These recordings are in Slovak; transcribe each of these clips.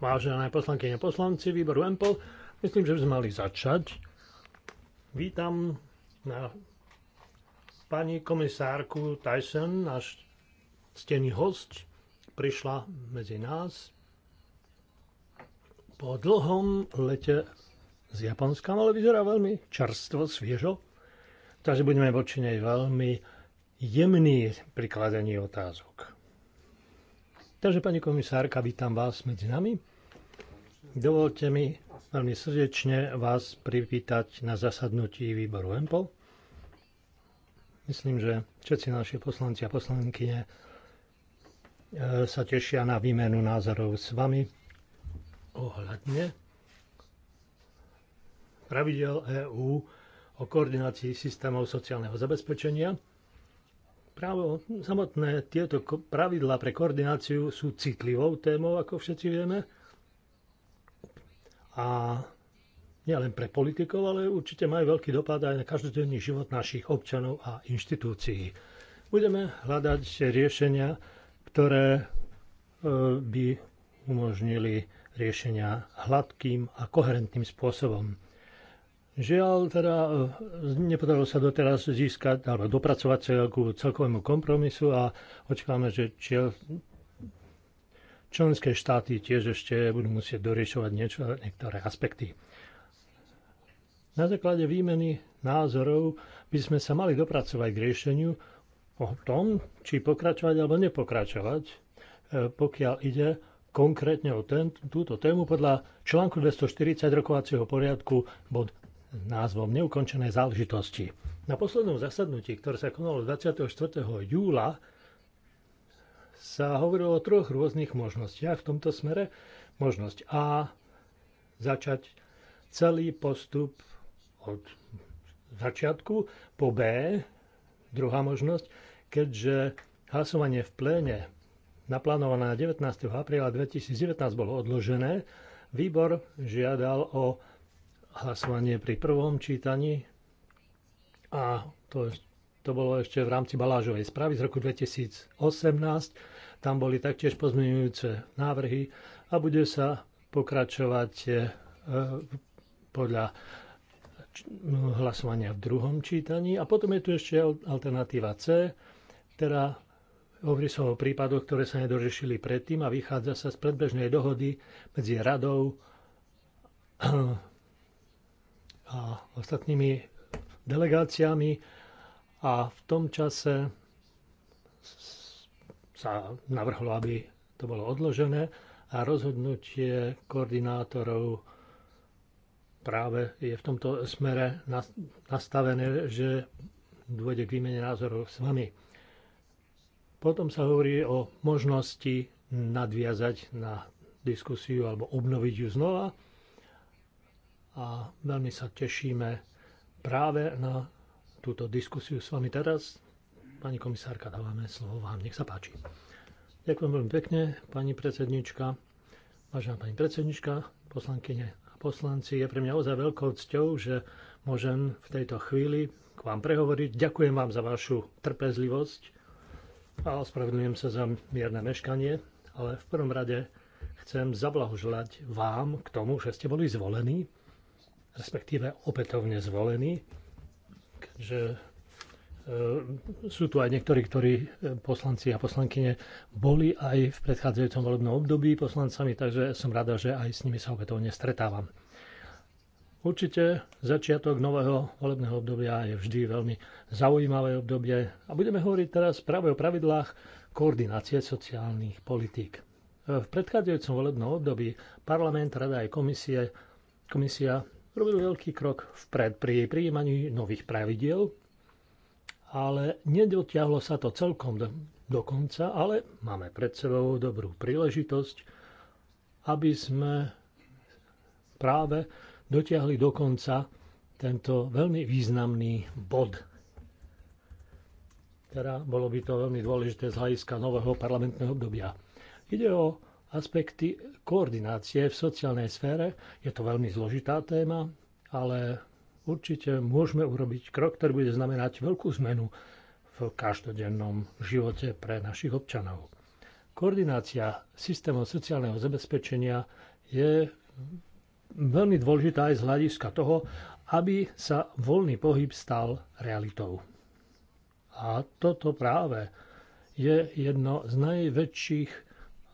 Vážené poslankyne poslanci výboru EMPL, myslím, že by sme mali začať. Vítam na pani komisárku Tyson, náš stený host, prišla medzi nás po dlhom lete z Japonska, ale vyzerá veľmi čerstvo, sviežo. Takže budeme voči nej veľmi jemný pri kladení otázok. Takže, pani komisárka, vítam vás medzi nami. Dovolte mi veľmi srdečne vás privítať na zasadnutí výboru EMPO. Myslím, že všetci naši poslanci a poslankyne e, sa tešia na výmenu názorov s vami ohľadne pravidel EÚ o koordinácii systémov sociálneho zabezpečenia Právo samotné tieto pravidlá pre koordináciu sú citlivou témou, ako všetci vieme. A nielen pre politikov, ale určite majú veľký dopad aj na každodenný život našich občanov a inštitúcií. Budeme hľadať riešenia, ktoré e, by umožnili riešenia hladkým a koherentným spôsobom. Žiaľ, teda e, nepodarilo sa doteraz získať alebo dopracovať sa ku celkovému kompromisu a očakávame, že čiel, členské štáty tiež ešte budú musieť doriešovať niečo, niektoré aspekty. Na základe výmeny názorov by sme sa mali dopracovať k riešeniu o tom, či pokračovať alebo nepokračovať, e, pokiaľ ide konkrétne o ten, túto tému podľa článku 240 rokovacieho poriadku bod názvom Neukončené záležitosti. Na poslednom zasadnutí, ktoré sa konalo 24. júla, sa hovorilo o troch rôznych možnostiach v tomto smere. Možnosť A, začať celý postup od začiatku, po B, druhá možnosť, keďže hlasovanie v pléne naplánované na 19. apríla 2019 bolo odložené, výbor žiadal o hlasovanie pri prvom čítaní a to, to bolo ešte v rámci Balážovej správy z roku 2018. Tam boli taktiež pozmeňujúce návrhy a bude sa pokračovať e, podľa hlasovania v druhom čítaní. A potom je tu ešte alternatíva C, ktorá hovorí sa o prípadoch, ktoré sa nedoriešili predtým a vychádza sa z predbežnej dohody medzi radou a ostatnými delegáciami a v tom čase sa navrhlo, aby to bolo odložené a rozhodnutie koordinátorov práve je v tomto smere nastavené, že dôjde k výmene názorov s vami. Potom sa hovorí o možnosti nadviazať na diskusiu alebo obnoviť ju znova a veľmi sa tešíme práve na túto diskusiu s vami teraz. Pani komisárka, dávame slovo vám. Nech sa páči. Ďakujem veľmi pekne, pani predsednička. Vážená pani predsednička, poslankyne a poslanci, je pre mňa ozaj veľkou cťou, že môžem v tejto chvíli k vám prehovoriť. Ďakujem vám za vašu trpezlivosť a ospravedlňujem sa za mierne meškanie, ale v prvom rade chcem zablahoželať vám k tomu, že ste boli zvolení respektíve opätovne zvolení, keďže e, sú tu aj niektorí, ktorí e, poslanci a poslankyne boli aj v predchádzajúcom volebnom období poslancami, takže som rada, že aj s nimi sa opätovne stretávam. Určite začiatok nového volebného obdobia je vždy veľmi zaujímavé obdobie a budeme hovoriť teraz práve o pravidlách koordinácie sociálnych politík. E, v predchádzajúcom volebnom období parlament, rada aj komisie, komisia robili veľký krok vpred pri prijímaní nových pravidiel, ale nedotiahlo sa to celkom do, do konca, ale máme pred sebou dobrú príležitosť, aby sme práve dotiahli do konca tento veľmi významný bod. Teda bolo by to veľmi dôležité z hľadiska nového parlamentného obdobia. Ide o aspekty koordinácie v sociálnej sfére. Je to veľmi zložitá téma, ale určite môžeme urobiť krok, ktorý bude znamenať veľkú zmenu v každodennom živote pre našich občanov. Koordinácia systémov sociálneho zabezpečenia je veľmi dôležitá aj z hľadiska toho, aby sa voľný pohyb stal realitou. A toto práve je jedno z najväčších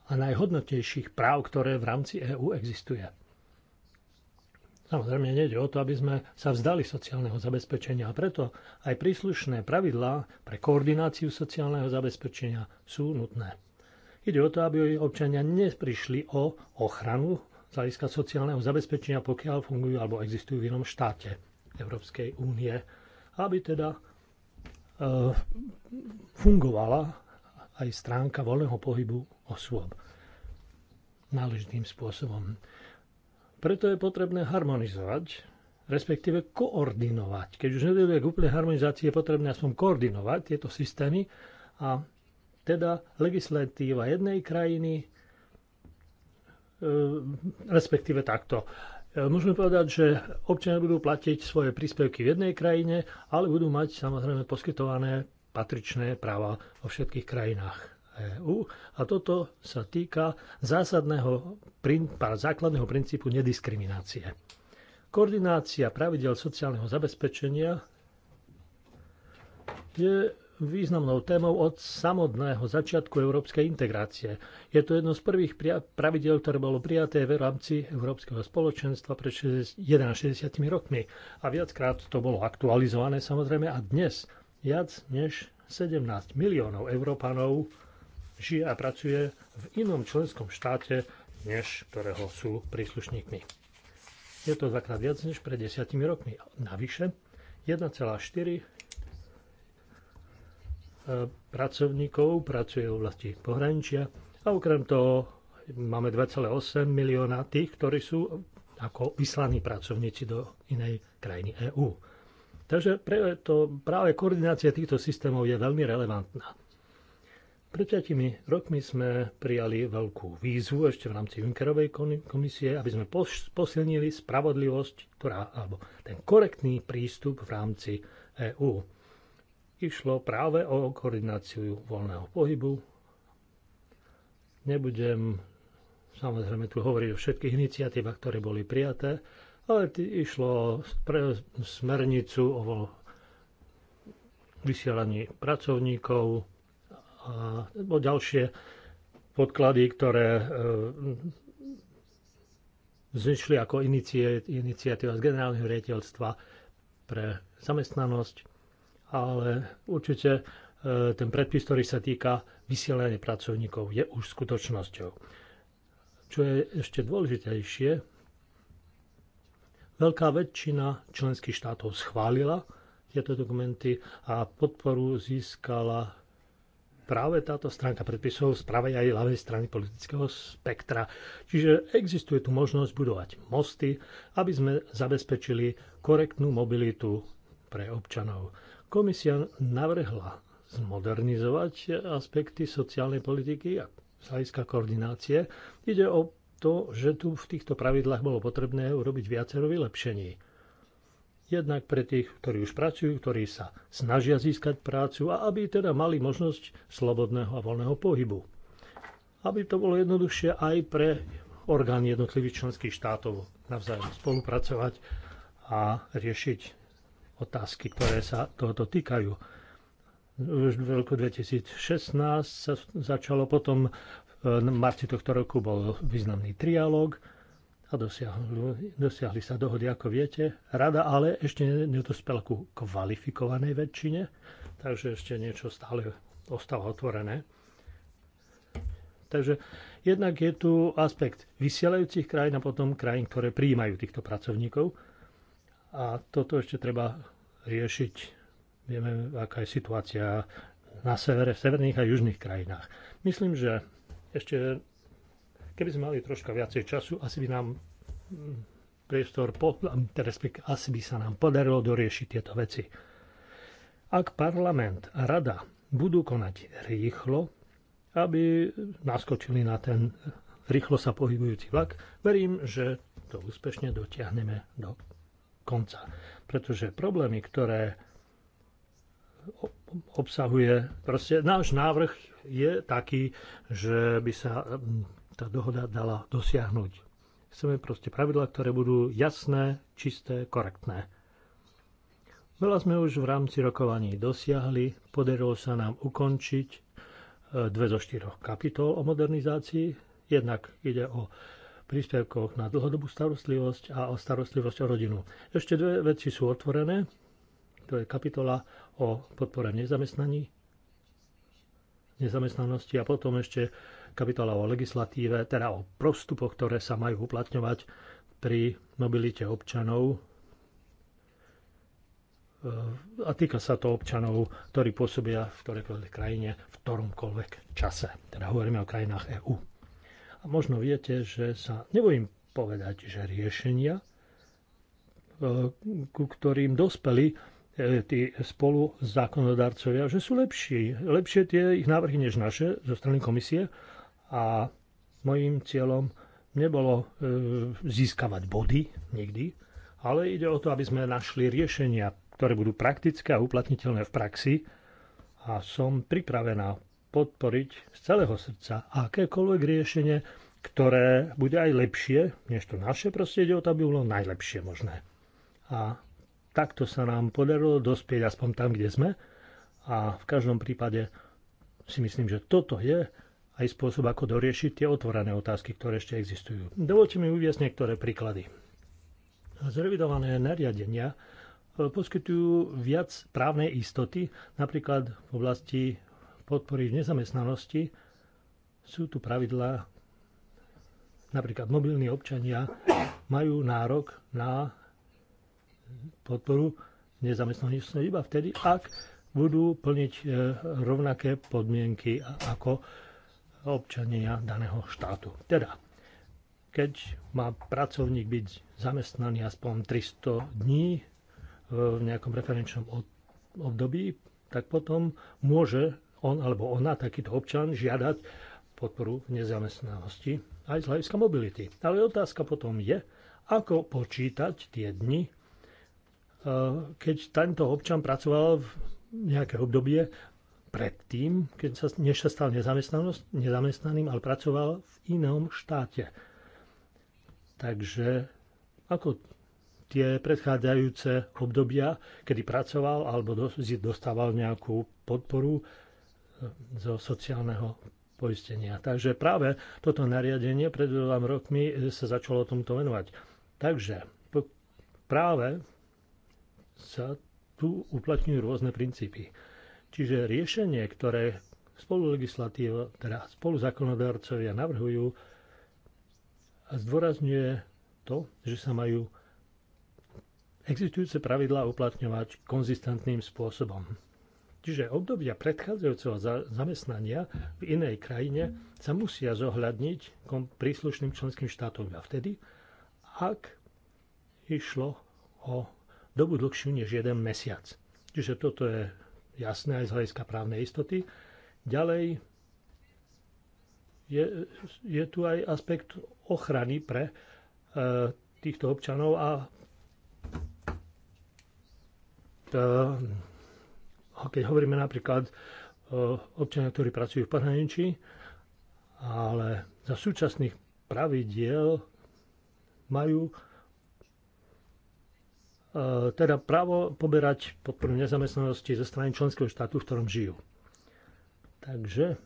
a najhodnotnejších práv, ktoré v rámci EÚ existuje. Samozrejme, nejde o to, aby sme sa vzdali sociálneho zabezpečenia a preto aj príslušné pravidlá pre koordináciu sociálneho zabezpečenia sú nutné. Ide o to, aby občania neprišli o ochranu z hľadiska sociálneho zabezpečenia, pokiaľ fungujú alebo existujú v inom štáte Európskej únie, aby teda e, fungovala aj stránka voľného pohybu osôb náležitým spôsobom. Preto je potrebné harmonizovať, respektíve koordinovať. Keď už nedojde k úplnej harmonizácii, je potrebné aspoň koordinovať tieto systémy a teda legislatíva jednej krajiny, e, respektíve takto. E, môžeme povedať, že občania budú platiť svoje príspevky v jednej krajine, ale budú mať samozrejme poskytované patričné práva vo všetkých krajinách EÚ a toto sa týka zásadného, základného princípu nediskriminácie. Koordinácia pravidel sociálneho zabezpečenia je významnou témou od samotného začiatku európskej integrácie. Je to jedno z prvých pravidel, ktoré bolo prijaté v rámci Európskeho spoločenstva pred 61 rokmi. A viackrát to bolo aktualizované samozrejme a dnes Viac než 17 miliónov Európanov žije a pracuje v inom členskom štáte, než ktorého sú príslušníkmi. Je to dvakrát viac než pred desiatimi rokmi. Navyše 1,4 eh, pracovníkov pracuje v oblasti pohraničia a okrem toho máme 2,8 milióna tých, ktorí sú ako vyslaní pracovníci do inej krajiny EÚ. Takže to, práve koordinácia týchto systémov je veľmi relevantná. Pred piatimi rokmi sme prijali veľkú výzvu ešte v rámci Junckerovej komisie, aby sme posilnili spravodlivosť, ktorá, alebo ten korektný prístup v rámci EÚ. Išlo práve o koordináciu voľného pohybu. Nebudem samozrejme tu hovoriť o všetkých iniciatívach, ktoré boli prijaté, ale išlo o smernicu o vysielaní pracovníkov a o ďalšie podklady, ktoré e, zničili ako iniciatíva z generálneho riaditeľstva pre zamestnanosť, ale určite e, ten predpis, ktorý sa týka vysielania pracovníkov, je už skutočnosťou. Čo je ešte dôležitejšie, Veľká väčšina členských štátov schválila tieto dokumenty a podporu získala práve táto stránka predpisov z pravej aj ľavej strany politického spektra. Čiže existuje tu možnosť budovať mosty, aby sme zabezpečili korektnú mobilitu pre občanov. Komisia navrhla zmodernizovať aspekty sociálnej politiky a z hľadiska koordinácie. Ide o to, že tu v týchto pravidlách bolo potrebné urobiť viacero vylepšení. Jednak pre tých, ktorí už pracujú, ktorí sa snažia získať prácu a aby teda mali možnosť slobodného a voľného pohybu. Aby to bolo jednoduchšie aj pre orgány jednotlivých členských štátov navzájom spolupracovať a riešiť otázky, ktoré sa tohoto týkajú už v roku 2016 sa začalo potom v marci tohto roku bol významný trialóg a dosiahli, dosiahli sa dohody, ako viete. Rada ale ešte nedospela ku kvalifikovanej väčšine, takže ešte niečo stále ostáva otvorené. Takže jednak je tu aspekt vysielajúcich krajín a potom krajín, ktoré prijímajú týchto pracovníkov. A toto ešte treba riešiť. Vieme, aká je situácia na severe, v severných a južných krajinách. Myslím, že ešte, keby sme mali troška viacej času, asi by nám mm, priestor, po, teda asi by sa nám podarilo doriešiť tieto veci. Ak parlament a rada budú konať rýchlo, aby naskočili na ten rýchlo sa pohybujúci vlak, verím, že to úspešne dotiahneme do konca. Pretože problémy, ktoré obsahuje. Proste náš návrh je taký, že by sa hm, tá dohoda dala dosiahnuť. Chceme proste pravidla, ktoré budú jasné, čisté, korektné. Veľa sme už v rámci rokovaní dosiahli, podarilo sa nám ukončiť e, dve zo štyroch kapitol o modernizácii. Jednak ide o príspevkoch na dlhodobú starostlivosť a o starostlivosť o rodinu. Ešte dve veci sú otvorené, to je kapitola o podpore nezamestnaní, nezamestnanosti a potom ešte kapitola o legislatíve, teda o prostupoch, ktoré sa majú uplatňovať pri mobilite občanov. E, a týka sa to občanov, ktorí pôsobia v ktorejkoľvek krajine, v ktoromkoľvek čase. Teda hovoríme o krajinách EÚ. A možno viete, že sa nebojím povedať, že riešenia, e, ku ktorým dospeli E, tí spolu zákonodarcovia, že sú lepší. Lepšie tie ich návrhy než naše zo strany komisie a mojím cieľom nebolo e, získavať body nikdy, ale ide o to, aby sme našli riešenia, ktoré budú praktické a uplatniteľné v praxi a som pripravená podporiť z celého srdca akékoľvek riešenie, ktoré bude aj lepšie než to naše, prostredie, aby bolo najlepšie možné. A takto sa nám podarilo dospieť aspoň tam, kde sme. A v každom prípade si myslím, že toto je aj spôsob, ako doriešiť tie otvorené otázky, ktoré ešte existujú. Dovolte mi uviesť niektoré príklady. Zrevidované nariadenia e, poskytujú viac právnej istoty, napríklad v oblasti podpory v nezamestnanosti sú tu pravidlá, napríklad mobilní občania majú nárok na podporu nezamestnanosti iba vtedy, ak budú plniť e, rovnaké podmienky ako občania daného štátu. Teda, keď má pracovník byť zamestnaný aspoň 300 dní e, v nejakom referenčnom období, tak potom môže on alebo ona, takýto občan, žiadať podporu nezamestnanosti aj z hľadiska mobility. Ale otázka potom je, ako počítať tie dni Eh, keď tento občan pracoval v nejaké obdobie predtým, keď sa, než sa stal nezamestnaným, ale pracoval v inom štáte. Takže ako tie predchádzajúce obdobia, kedy pracoval alebo dostával nejakú podporu eh, zo sociálneho poistenia. Takže práve toto nariadenie pred dvoma rokmi eh, sa začalo o tomto venovať. Takže práve sa tu uplatňujú rôzne princípy. Čiže riešenie, ktoré spolu legislatíva, teda zákonodárcovia navrhujú, a zdôrazňuje to, že sa majú existujúce pravidlá uplatňovať konzistentným spôsobom. Čiže obdobia predchádzajúceho zamestnania v inej krajine sa musia zohľadniť príslušným členským štátom a vtedy, ak išlo o dobu dlhšiu než jeden mesiac. Čiže toto je jasné aj z hľadiska právnej istoty. Ďalej je, je tu aj aspekt ochrany pre e, týchto občanov a e, keď hovoríme napríklad o e, občania, ktorí pracujú v pohraničí, ale za súčasných pravidiel majú E, teda právo poberať podporu nezamestnanosti ze strany členského štátu, v ktorom žijú. Takže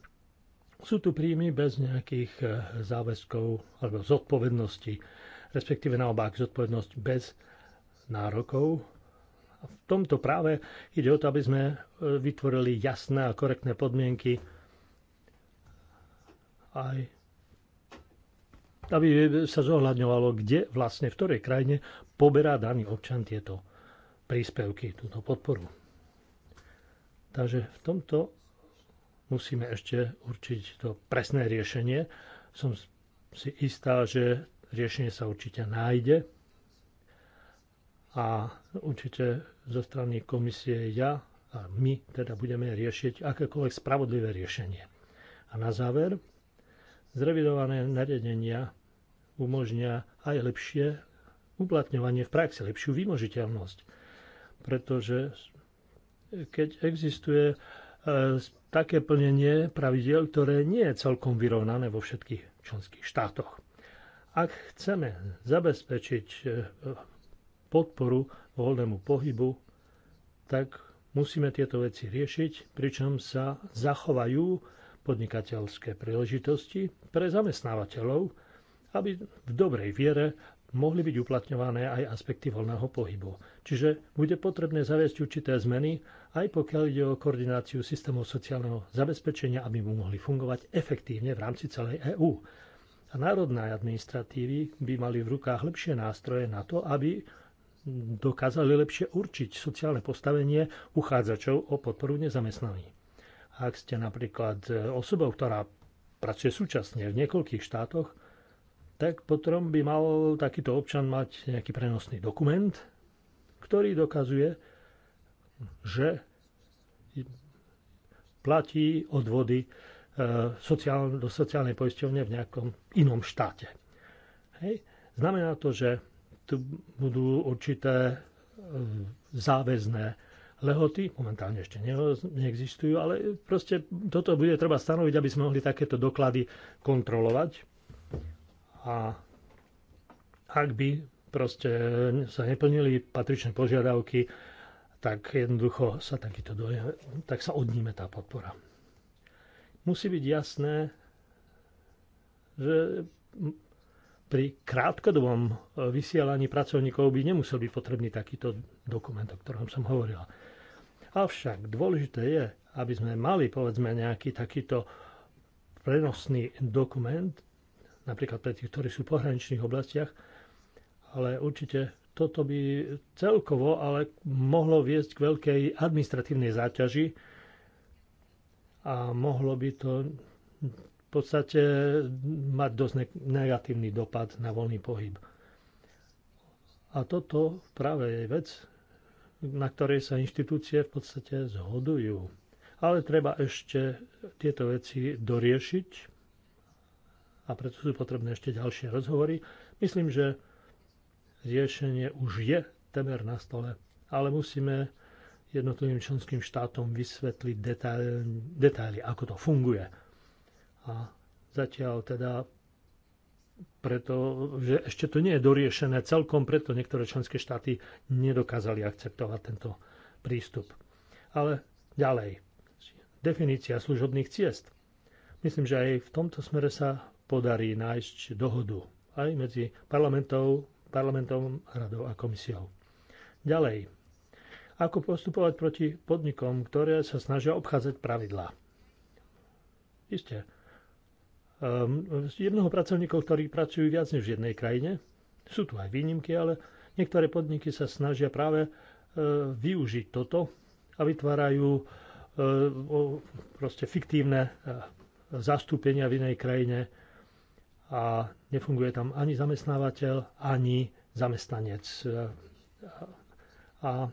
sú tu príjmy bez nejakých e, záväzkov alebo zodpovedností, respektíve naopak zodpovednosť bez nárokov. A v tomto práve ide o to, aby sme e, vytvorili jasné a korektné podmienky aj aby sa zohľadňovalo, kde vlastne v ktorej krajine poberá daný občan tieto príspevky, túto podporu. Takže v tomto musíme ešte určiť to presné riešenie. Som si istá, že riešenie sa určite nájde a určite zo strany komisie ja a my teda budeme riešiť akékoľvek spravodlivé riešenie. A na záver, zrevidované nariadenia umožňa aj lepšie uplatňovanie v praxi, lepšiu vymožiteľnosť. Pretože keď existuje e, také plnenie pravidel, ktoré nie je celkom vyrovnané vo všetkých členských štátoch. Ak chceme zabezpečiť e, podporu voľnému pohybu, tak musíme tieto veci riešiť, pričom sa zachovajú podnikateľské príležitosti pre zamestnávateľov, aby v dobrej viere mohli byť uplatňované aj aspekty voľného pohybu. Čiže bude potrebné zaviesť určité zmeny, aj pokiaľ ide o koordináciu systémov sociálneho zabezpečenia, aby mu mohli fungovať efektívne v rámci celej EÚ. A národné administratívy by mali v rukách lepšie nástroje na to, aby dokázali lepšie určiť sociálne postavenie uchádzačov o podporu nezamestnaní. Ak ste napríklad osobou, ktorá pracuje súčasne v niekoľkých štátoch, tak potom by mal takýto občan mať nejaký prenosný dokument, ktorý dokazuje, že platí odvody e, do sociálnej poisťovne v nejakom inom štáte. Hej. Znamená to, že tu budú určité e, záväzné lehoty, momentálne ešte neexistujú, ale proste toto bude treba stanoviť, aby sme mohli takéto doklady kontrolovať. A ak by proste sa neplnili patričné požiadavky, tak jednoducho sa takýto dojem, tak sa odníme tá podpora. Musí byť jasné, že pri krátkodobom e, vysielaní pracovníkov by nemusel byť potrebný takýto dokument, o ktorom som hovorila. Avšak dôležité je, aby sme mali povedzme nejaký takýto prenosný dokument, napríklad pre tých, ktorí sú v pohraničných oblastiach, ale určite toto by celkovo ale mohlo viesť k veľkej administratívnej záťaži a mohlo by to v podstate mať dosť negatívny dopad na voľný pohyb. A toto práve je vec, na ktorej sa inštitúcie v podstate zhodujú. Ale treba ešte tieto veci doriešiť a preto sú potrebné ešte ďalšie rozhovory. Myslím, že riešenie už je temer na stole, ale musíme jednotlivým členským štátom vysvetliť detaily, detaily ako to funguje. A zatiaľ teda preto, že ešte to nie je doriešené celkom, preto niektoré členské štáty nedokázali akceptovať tento prístup. Ale ďalej, definícia služobných ciest. Myslím, že aj v tomto smere sa podarí nájsť dohodu aj medzi parlamentom, parlamentom, radou a komisiou. Ďalej, ako postupovať proti podnikom, ktoré sa snažia obchádzať pravidlá. Isté. Um, z jednoho pracovníkov, ktorí pracujú viac než v jednej krajine, sú tu aj výnimky, ale niektoré podniky sa snažia práve e, využiť toto a vytvárajú e, proste fiktívne e, zastúpenia v inej krajine a nefunguje tam ani zamestnávateľ, ani zamestnanec. A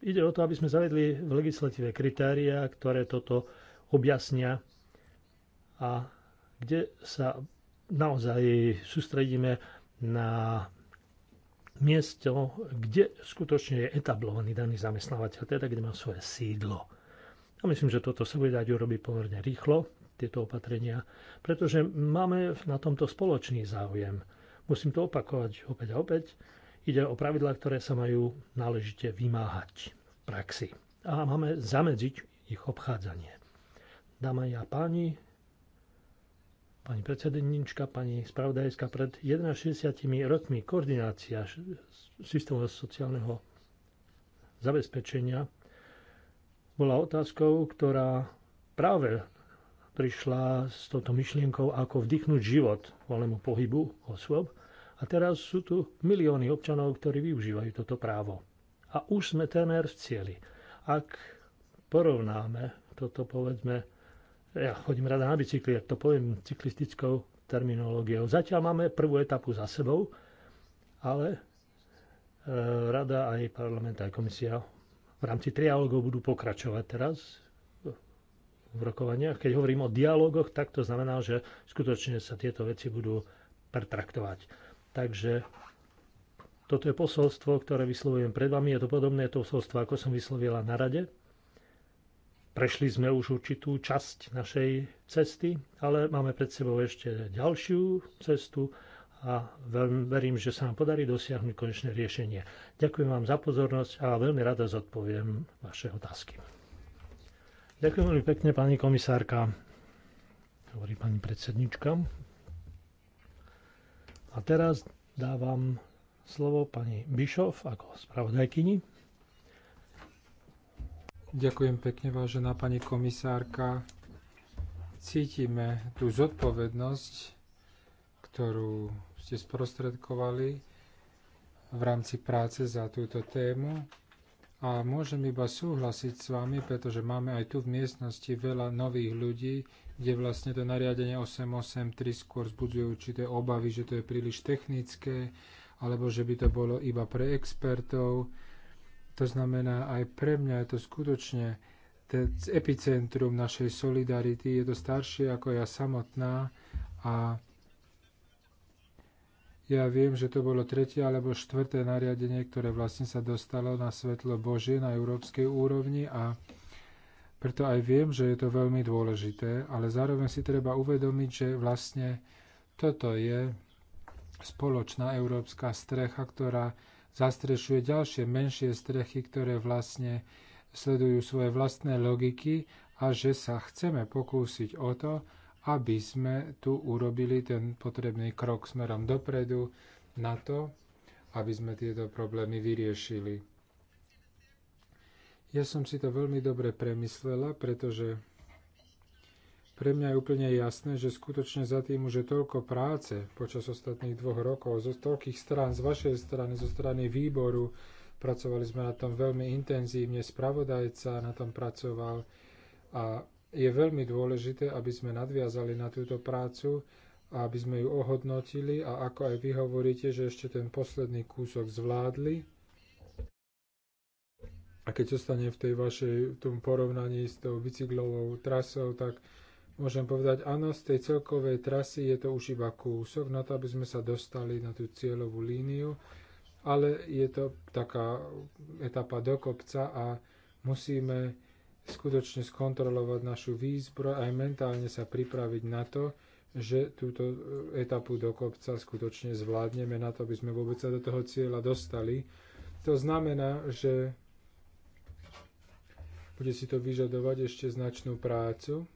ide o to, aby sme zavedli v legislatíve kritéria, ktoré toto objasnia a kde sa naozaj sústredíme na miesto, kde skutočne je etablovaný daný zamestnávateľ, teda kde má svoje sídlo. A myslím, že toto sa bude dať urobiť pomerne rýchlo tieto opatrenia, pretože máme na tomto spoločný záujem. Musím to opakovať opäť a opäť. Ide o pravidlá, ktoré sa majú náležite vymáhať v praxi. A máme zamedziť ich obchádzanie. Dáma ja páni, pani predsedníčka, pani spravodajská, pred 61 rokmi koordinácia systému sociálneho zabezpečenia bola otázkou, ktorá práve prišla s touto myšlienkou, ako vdychnúť život voľnému pohybu osôb. A teraz sú tu milióny občanov, ktorí využívajú toto právo. A už sme tener v cieli. Ak porovnáme toto, povedzme, ja chodím rada na bicykli, ak to poviem cyklistickou terminológiou. Zatiaľ máme prvú etapu za sebou, ale e, rada aj parlament, aj komisia v rámci trialogov budú pokračovať teraz v rokovaniach. Keď hovorím o dialogoch, tak to znamená, že skutočne sa tieto veci budú pertraktovať. Takže toto je posolstvo, ktoré vyslovujem pred vami. Je to podobné to posolstvo, ako som vyslovila na rade. Prešli sme už určitú časť našej cesty, ale máme pred sebou ešte ďalšiu cestu a veľmi verím, že sa nám podarí dosiahnuť konečné riešenie. Ďakujem vám za pozornosť a veľmi rada zodpoviem vaše otázky. Ďakujem veľmi pekne, pani komisárka, hovorí pani predsednička. A teraz dávam slovo pani Bišov ako spravodajkyni. Ďakujem pekne, vážená pani komisárka. Cítime tú zodpovednosť, ktorú ste sprostredkovali v rámci práce za túto tému a môžem iba súhlasiť s vami, pretože máme aj tu v miestnosti veľa nových ľudí, kde vlastne to nariadenie 883 skôr zbudzuje určité obavy, že to je príliš technické, alebo že by to bolo iba pre expertov. To znamená, aj pre mňa je to skutočne epicentrum našej solidarity. Je to staršie ako ja samotná a ja viem, že to bolo tretie alebo štvrté nariadenie, ktoré vlastne sa dostalo na svetlo Božie na európskej úrovni a preto aj viem, že je to veľmi dôležité, ale zároveň si treba uvedomiť, že vlastne toto je spoločná európska strecha, ktorá zastrešuje ďalšie menšie strechy, ktoré vlastne sledujú svoje vlastné logiky a že sa chceme pokúsiť o to, aby sme tu urobili ten potrebný krok smerom dopredu na to, aby sme tieto problémy vyriešili. Ja som si to veľmi dobre premyslela, pretože pre mňa je úplne jasné, že skutočne za tým už je toľko práce počas ostatných dvoch rokov, zo toľkých strán, z vašej strany, zo strany výboru. Pracovali sme na tom veľmi intenzívne, spravodajca na tom pracoval a je veľmi dôležité, aby sme nadviazali na túto prácu a aby sme ju ohodnotili a ako aj vy hovoríte, že ešte ten posledný kúsok zvládli. A keď zostane v tej vašej v tom porovnaní s tou bicyklovou trasou, tak môžem povedať, áno, z tej celkovej trasy je to už iba kúsok na to, aby sme sa dostali na tú cieľovú líniu, ale je to taká etapa do kopca a musíme skutočne skontrolovať našu výzbroj, aj mentálne sa pripraviť na to, že túto e, etapu do kopca skutočne zvládneme na to, aby sme vôbec sa do toho cieľa dostali. To znamená, že bude si to vyžadovať ešte značnú prácu,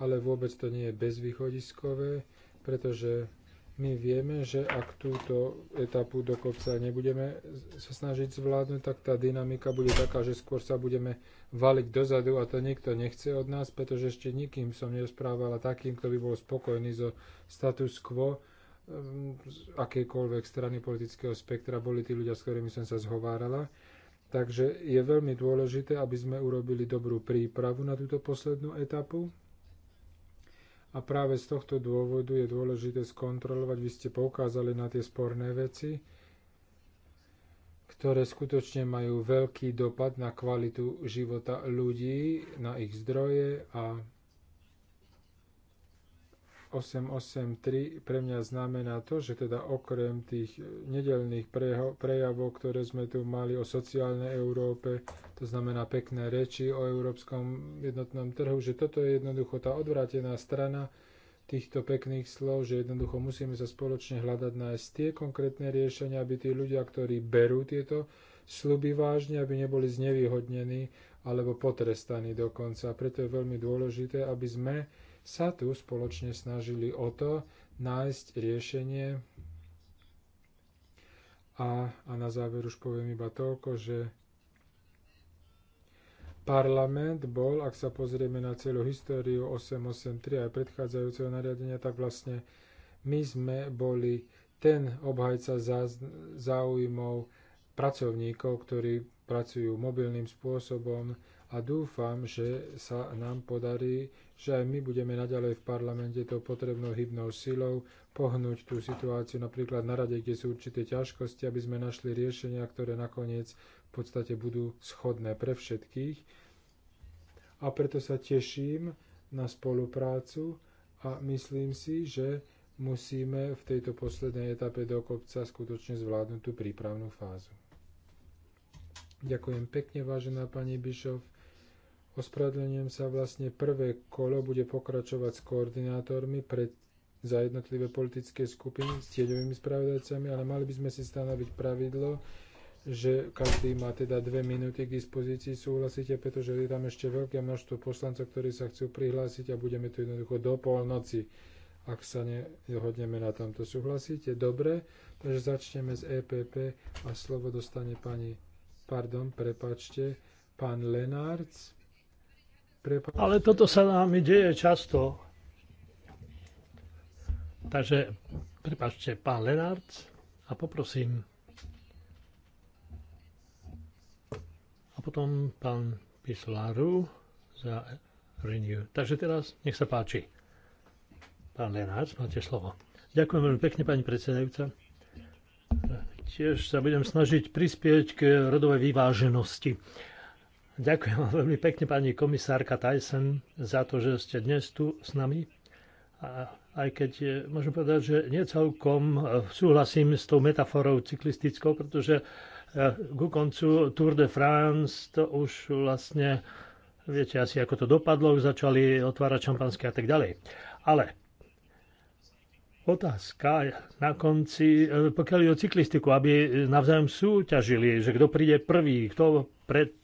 ale vôbec to nie je bezvýchodiskové, pretože my vieme, že ak túto etapu do kopca nebudeme sa snažiť zvládnuť, tak tá dynamika bude taká, že skôr sa budeme valiť dozadu a to nikto nechce od nás, pretože ešte nikým som nerozprávala takým, kto by bol spokojný zo status quo z akejkoľvek strany politického spektra. Boli tí ľudia, s ktorými som sa zhovárala. Takže je veľmi dôležité, aby sme urobili dobrú prípravu na túto poslednú etapu, a práve z tohto dôvodu je dôležité skontrolovať, vy ste poukázali na tie sporné veci, ktoré skutočne majú veľký dopad na kvalitu života ľudí, na ich zdroje a 883 pre mňa znamená to, že teda okrem tých e, nedelných prejavov, ktoré sme tu mali o sociálnej Európe, to znamená pekné reči o európskom jednotnom trhu, že toto je jednoducho tá odvrátená strana týchto pekných slov, že jednoducho musíme sa spoločne hľadať nájsť tie konkrétne riešenia, aby tí ľudia, ktorí berú tieto sluby vážne, aby neboli znevýhodnení alebo potrestaní dokonca. Preto je veľmi dôležité, aby sme sa tu spoločne snažili o to nájsť riešenie. A, a na záver už poviem iba toľko, že parlament bol, ak sa pozrieme na celú históriu 883 aj predchádzajúceho nariadenia, tak vlastne my sme boli ten obhajca záujmov pracovníkov, ktorí pracujú mobilným spôsobom, a dúfam, že sa nám podarí, že aj my budeme naďalej v parlamente tou potrebnou hybnou silou pohnúť tú situáciu napríklad na rade, kde sú určité ťažkosti, aby sme našli riešenia, ktoré nakoniec v podstate budú schodné pre všetkých. A preto sa teším na spoluprácu a myslím si, že musíme v tejto poslednej etape do kopca skutočne zvládnuť tú prípravnú fázu. Ďakujem pekne, vážená pani Bišov. Ospravedlňujem sa, vlastne prvé kolo bude pokračovať s koordinátormi pred, za jednotlivé politické skupiny, s tieňovými spravodajcami, ale mali by sme si stanoviť pravidlo, že každý má teda dve minúty k dispozícii, súhlasíte, pretože je tam ešte veľké množstvo poslancov, ktorí sa chcú prihlásiť a budeme tu jednoducho do polnoci, ak sa nehodneme na tomto. Súhlasíte? Dobre, takže začneme z EPP a slovo dostane pani, pardon, prepačte, pán Lenárc. Prepačte. Ale toto sa nám deje často. Takže prepačte, pán Lenard a poprosím. A potom pán Pislaru za Renew. Takže teraz nech sa páči. Pán Lenard, máte slovo. Ďakujem veľmi pekne, pani predsedajúca. Tiež sa budem snažiť prispieť k rodovej vyváženosti Ďakujem vám veľmi pekne, pani komisárka Tyson, za to, že ste dnes tu s nami. A aj keď môžem povedať, že necelkom e, súhlasím s tou metaforou cyklistickou, pretože e, ku koncu Tour de France to už vlastne viete asi, ako to dopadlo, začali otvárať šampanské a tak ďalej. Ale otázka na konci, e, pokiaľ je o cyklistiku, aby navzájom súťažili, že kto príde prvý, kto pred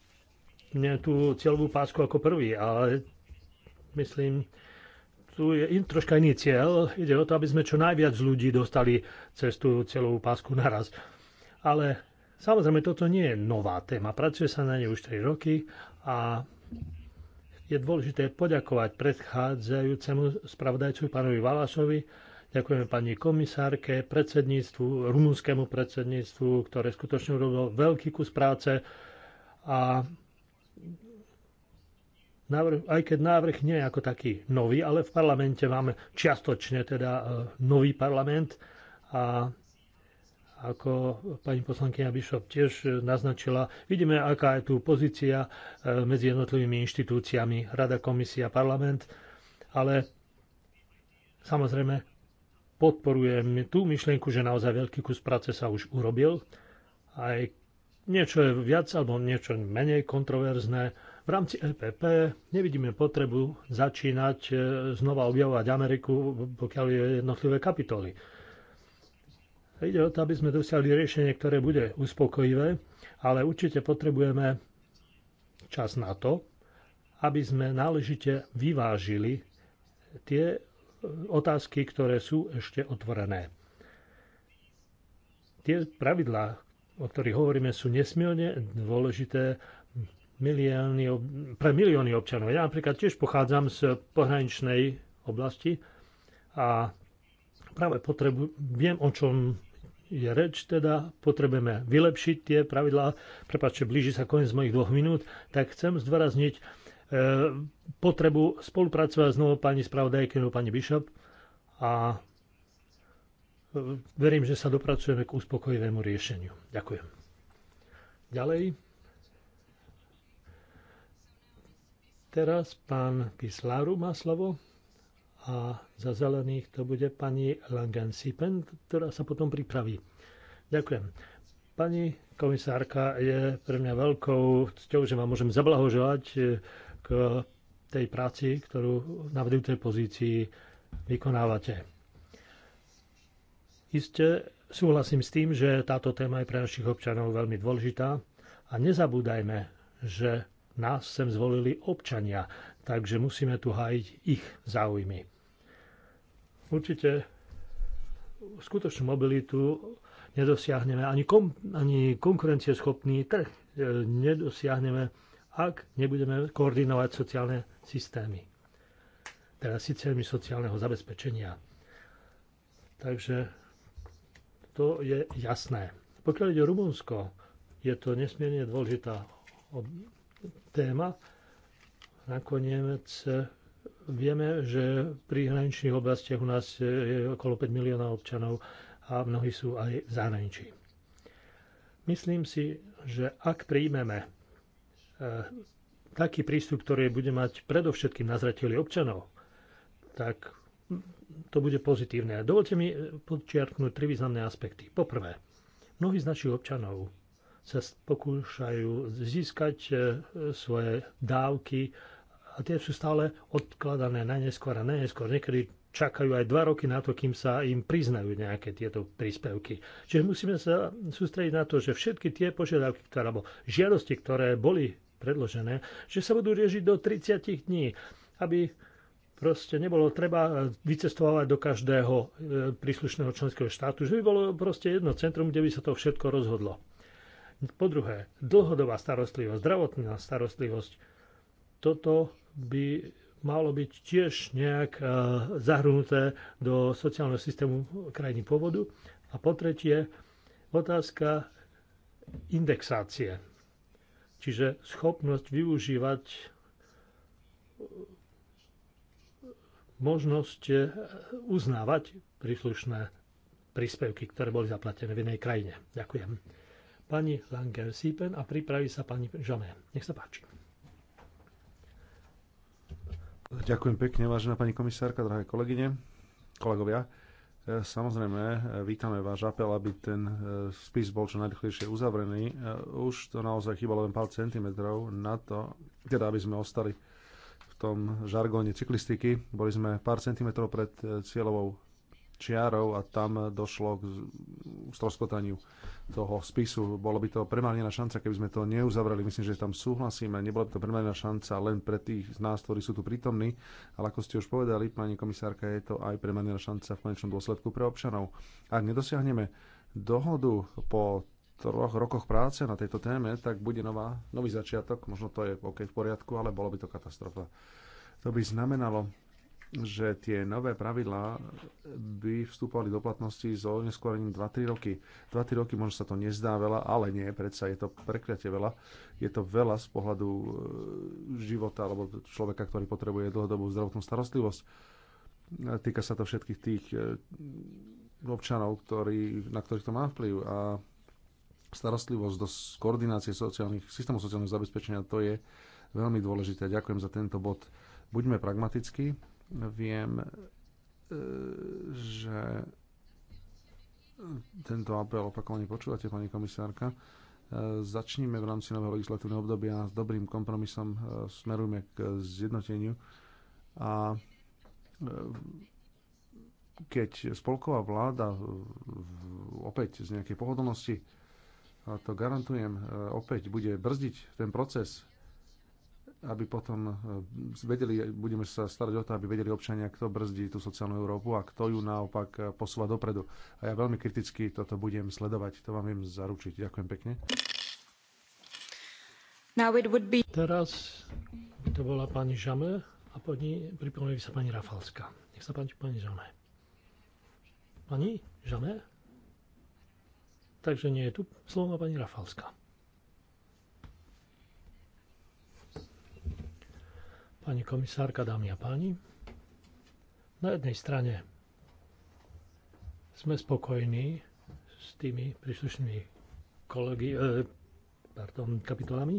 tú cieľovú pásku ako prvý, ale myslím, tu je in, troška iný cieľ. Ide o to, aby sme čo najviac ľudí dostali cez tú cieľovú pásku naraz. Ale samozrejme, toto nie je nová téma. Pracuje sa na nej už 3 roky a je dôležité poďakovať predchádzajúcemu spravodajcu pánovi Valašovi, ďakujeme pani komisárke, predsedníctvu, rumúnskému predsedníctvu, ktoré skutočne urobilo veľký kus práce a návrh, aj keď návrh nie je ako taký nový, ale v parlamente máme čiastočne teda e, nový parlament a ako pani poslankyňa Bishop tiež e, naznačila, vidíme, aká je tu pozícia e, medzi jednotlivými inštitúciami, Rada, Komisia, Parlament, ale samozrejme podporujem tú myšlienku, že naozaj veľký kus práce sa už urobil, aj niečo je viac alebo niečo menej kontroverzné, v rámci EPP nevidíme potrebu začínať e, znova objavovať Ameriku, pokiaľ je jednotlivé kapitoly. Ide o to, aby sme dosiahli riešenie, ktoré bude uspokojivé, ale určite potrebujeme čas na to, aby sme náležite vyvážili tie e, otázky, ktoré sú ešte otvorené. Tie pravidlá, o ktorých hovoríme, sú nesmierne dôležité milióny, pre milióny občanov. Ja napríklad tiež pochádzam z pohraničnej oblasti a práve potrebu, viem, o čom je reč, teda potrebujeme vylepšiť tie pravidlá. Prepačte, blíži sa koniec mojich dvoch minút, tak chcem zdôrazniť e, potrebu spolupracovať znovu pani spravodajkynou, pani Bishop a e, verím, že sa dopracujeme k uspokojivému riešeniu. Ďakujem. Ďalej. Teraz pán Pislaru má slovo a za zelených to bude pani Langensipen, ktorá sa potom pripraví. Ďakujem. Pani komisárka, je pre mňa veľkou cťou, že vám môžem zablahoželať e, k tej práci, ktorú na vedúcej pozícii vykonávate. Isté súhlasím s tým, že táto téma je pre našich občanov veľmi dôležitá a nezabúdajme, že nás sem zvolili občania, takže musíme tu hájiť ich záujmy. Určite skutočnú mobilitu nedosiahneme ani, kom, ani konkurencieschopný trh e, nedosiahneme, ak nebudeme koordinovať sociálne systémy. Teda systémy sociálneho zabezpečenia. Takže to je jasné. Pokiaľ ide o Rumunsko, je to nesmierne dôležitá téma. Nakoniec eh, vieme, že pri hraničných oblastiach u nás eh, je okolo 5 milióna občanov a mnohí sú aj v zahraničí. Myslím si, že ak príjmeme eh, taký prístup, ktorý bude mať predovšetkým na zrateli občanov, tak to bude pozitívne. Dovolte mi podčiarknúť tri významné aspekty. Poprvé, mnohí z našich občanov sa pokúšajú získať e, svoje dávky a tie sú stále odkladané na neskôr a na neskôr. Niekedy čakajú aj dva roky na to, kým sa im priznajú nejaké tieto príspevky. Čiže musíme sa sústrediť na to, že všetky tie požiadavky, ktoré, alebo žiadosti, ktoré boli predložené, že sa budú riešiť do 30 dní, aby proste nebolo treba vycestovať do každého e, príslušného členského štátu, že by bolo proste jedno centrum, kde by sa to všetko rozhodlo. Po druhé, dlhodobá starostlivosť, zdravotná starostlivosť. Toto by malo byť tiež nejak e, zahrnuté do sociálneho systému krajiny pôvodu. A po tretie, otázka indexácie. Čiže schopnosť využívať možnosť e, uznávať príslušné príspevky, ktoré boli zaplatené v inej krajine. Ďakujem pani Langer Siepen a pripraví sa pani Žamé. Nech sa páči. Ďakujem pekne, vážená pani komisárka, drahé kolegyne, kolegovia. E, samozrejme, e, vítame váš apel, aby ten e, spis bol čo najrychlejšie uzavrený. Už to naozaj chýbalo len pár centimetrov na to, teda aby sme ostali v tom žargóne cyklistiky. Boli sme pár centimetrov pred cieľovou čiarov a tam došlo k stroskotaniu toho spisu. Bolo by to premárnená šanca, keby sme to neuzavrali. Myslím, že tam súhlasíme. Nebola by to premárnená šanca len pre tých z nás, ktorí sú tu prítomní, ale ako ste už povedali, pani komisárka, je to aj premárnená šanca v konečnom dôsledku pre občanov. Ak nedosiahneme dohodu po troch rokoch práce na tejto téme, tak bude nová, nový začiatok. Možno to je OK v poriadku, ale bolo by to katastrofa. To by znamenalo že tie nové pravidlá by vstúpali do platnosti s oneskorením 2-3 roky. 2-3 roky možno sa to nezdá veľa, ale nie, predsa je to prekliate veľa. Je to veľa z pohľadu e, života alebo človeka, ktorý potrebuje dlhodobú zdravotnú starostlivosť. E, týka sa to všetkých tých e, občanov, ktorí, na ktorých to má vplyv. A starostlivosť do koordinácie sociálnych, systémov sociálneho zabezpečenia, to je veľmi dôležité. Ďakujem za tento bod. Buďme pragmatickí, Viem, e, že tento apel opakovane počúvate, pani komisárka. E, začníme v rámci nového legislatívneho obdobia s dobrým kompromisom, e, smerujme k zjednoteniu a keď spolková vláda opäť z nejakej pohodlnosti, a to garantujem, opäť bude brzdiť ten proces aby potom e, vedeli, budeme sa starať o to, aby vedeli občania, kto brzdí tú sociálnu Európu a kto ju naopak e, posúva dopredu. A ja veľmi kriticky toto budem sledovať, to vám viem zaručiť. Ďakujem pekne. Now it would be... Teraz to bola pani Žame a pod ní by sa pani Rafalska. Nech sa páči pani Žame. Pani Žame? Takže nie je tu slovo pani Rafalska. pani komisárka, dámy a páni. Na jednej strane sme spokojní s tými príslušnými kolegy, eh, pardon, kapitolami,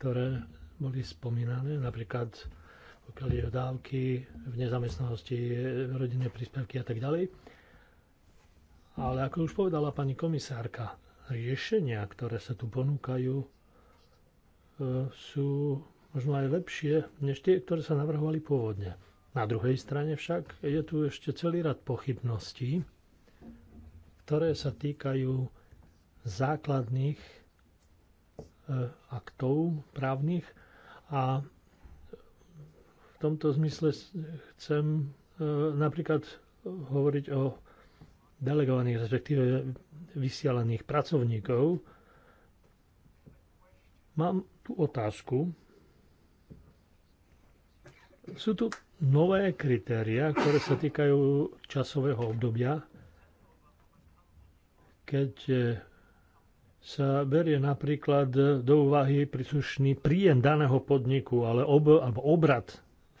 ktoré boli spomínané, napríklad pokiaľ je dávky v nezamestnanosti, rodinné príspevky a tak ďalej. Ale ako už povedala pani komisárka, riešenia, ktoré sa tu ponúkajú, e, sú možno aj lepšie než tie, ktoré sa navrhovali pôvodne. Na druhej strane však je tu ešte celý rad pochybností, ktoré sa týkajú základných eh, aktov právnych a v tomto zmysle chcem eh, napríklad hovoriť o delegovaných, respektíve vysielaných pracovníkov. Mám tu otázku, sú tu nové kritéria, ktoré sa týkajú časového obdobia, keď eh, sa berie napríklad do úvahy príslušný príjem daného podniku, ale ob, alebo obrad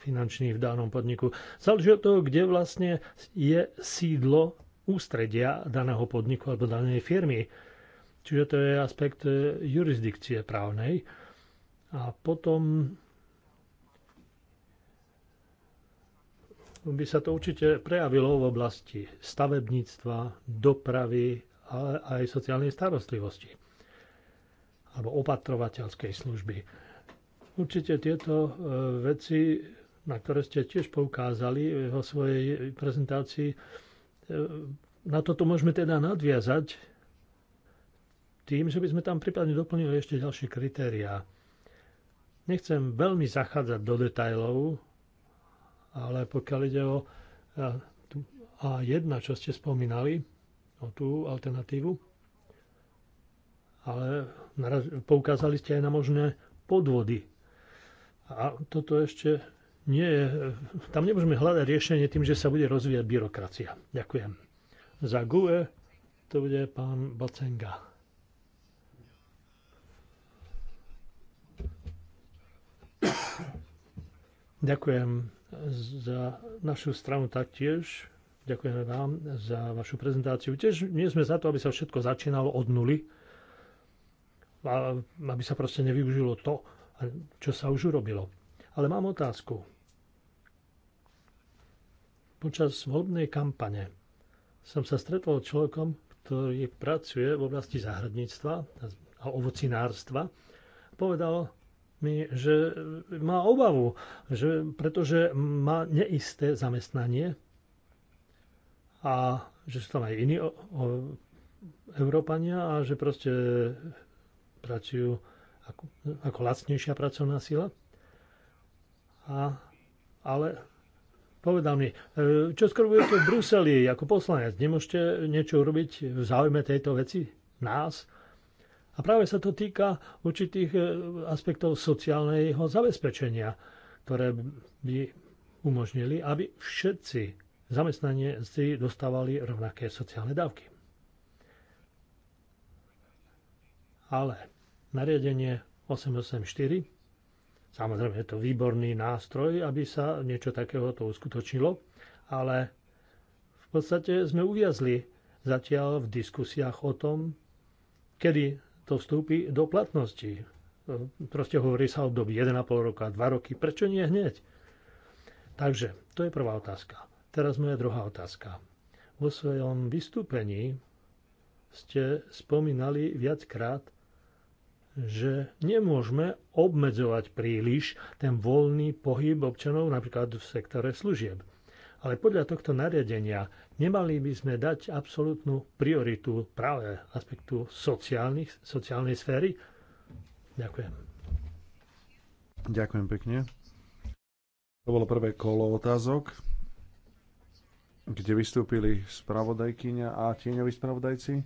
finančný v danom podniku. Záleží od toho, kde vlastne je sídlo ústredia daného podniku alebo danej firmy. Čiže to je aspekt eh, jurisdikcie právnej. A potom by sa to určite prejavilo v oblasti stavebníctva, dopravy, ale aj sociálnej starostlivosti alebo opatrovateľskej služby. Určite tieto e, veci, na ktoré ste tiež poukázali vo svojej prezentácii, e, na toto môžeme teda nadviazať tým, že by sme tam prípadne doplnili ešte ďalšie kritériá. Nechcem veľmi zachádzať do detajlov ale pokiaľ ide o A1, čo ste spomínali, o tú alternatívu, ale poukázali ste aj na možné podvody. A toto ešte nie je... Tam nemôžeme hľadať riešenie tým, že sa bude rozvíjať byrokracia. Ďakujem. Za GUE to bude pán Bacenga. Ďakujem za našu stranu taktiež. Ďakujeme vám za vašu prezentáciu. Tiež nie sme za to, aby sa všetko začínalo od nuly, aby sa proste nevyužilo to, čo sa už urobilo. Ale mám otázku. Počas voľbnej kampane som sa stretol človekom, ktorý pracuje v oblasti záhradníctva a ovocinárstva. Povedal, mi, že má obavu, že, pretože má neisté zamestnanie a že sú tam aj iní o, o, Európania a že proste pracujú ako, ako lacnejšia pracovná sila. A, ale povedal mi, e, čo skoro budete v Bruseli ako poslanec, nemôžete niečo urobiť v záujme tejto veci nás? A práve sa to týka určitých e, aspektov sociálneho zabezpečenia, ktoré by umožnili, aby všetci si dostávali rovnaké sociálne dávky. Ale nariadenie 884, samozrejme je to výborný nástroj, aby sa niečo takéhoto uskutočnilo, ale v podstate sme uviazli zatiaľ v diskusiách o tom, kedy to vstúpi do platnosti. Proste hovorí sa období 1,5 roka, 2 roky, prečo nie hneď? Takže, to je prvá otázka. Teraz moja druhá otázka. Vo svojom vystúpení ste spomínali viackrát, že nemôžeme obmedzovať príliš ten voľný pohyb občanov napríklad v sektore služieb. Ale podľa tohto nariadenia nemali by sme dať absolútnu prioritu práve aspektu sociálnych, sociálnej sféry? Ďakujem. Ďakujem pekne. To bolo prvé kolo otázok, kde vystúpili spravodajkyňa a tieňoví spravodajci.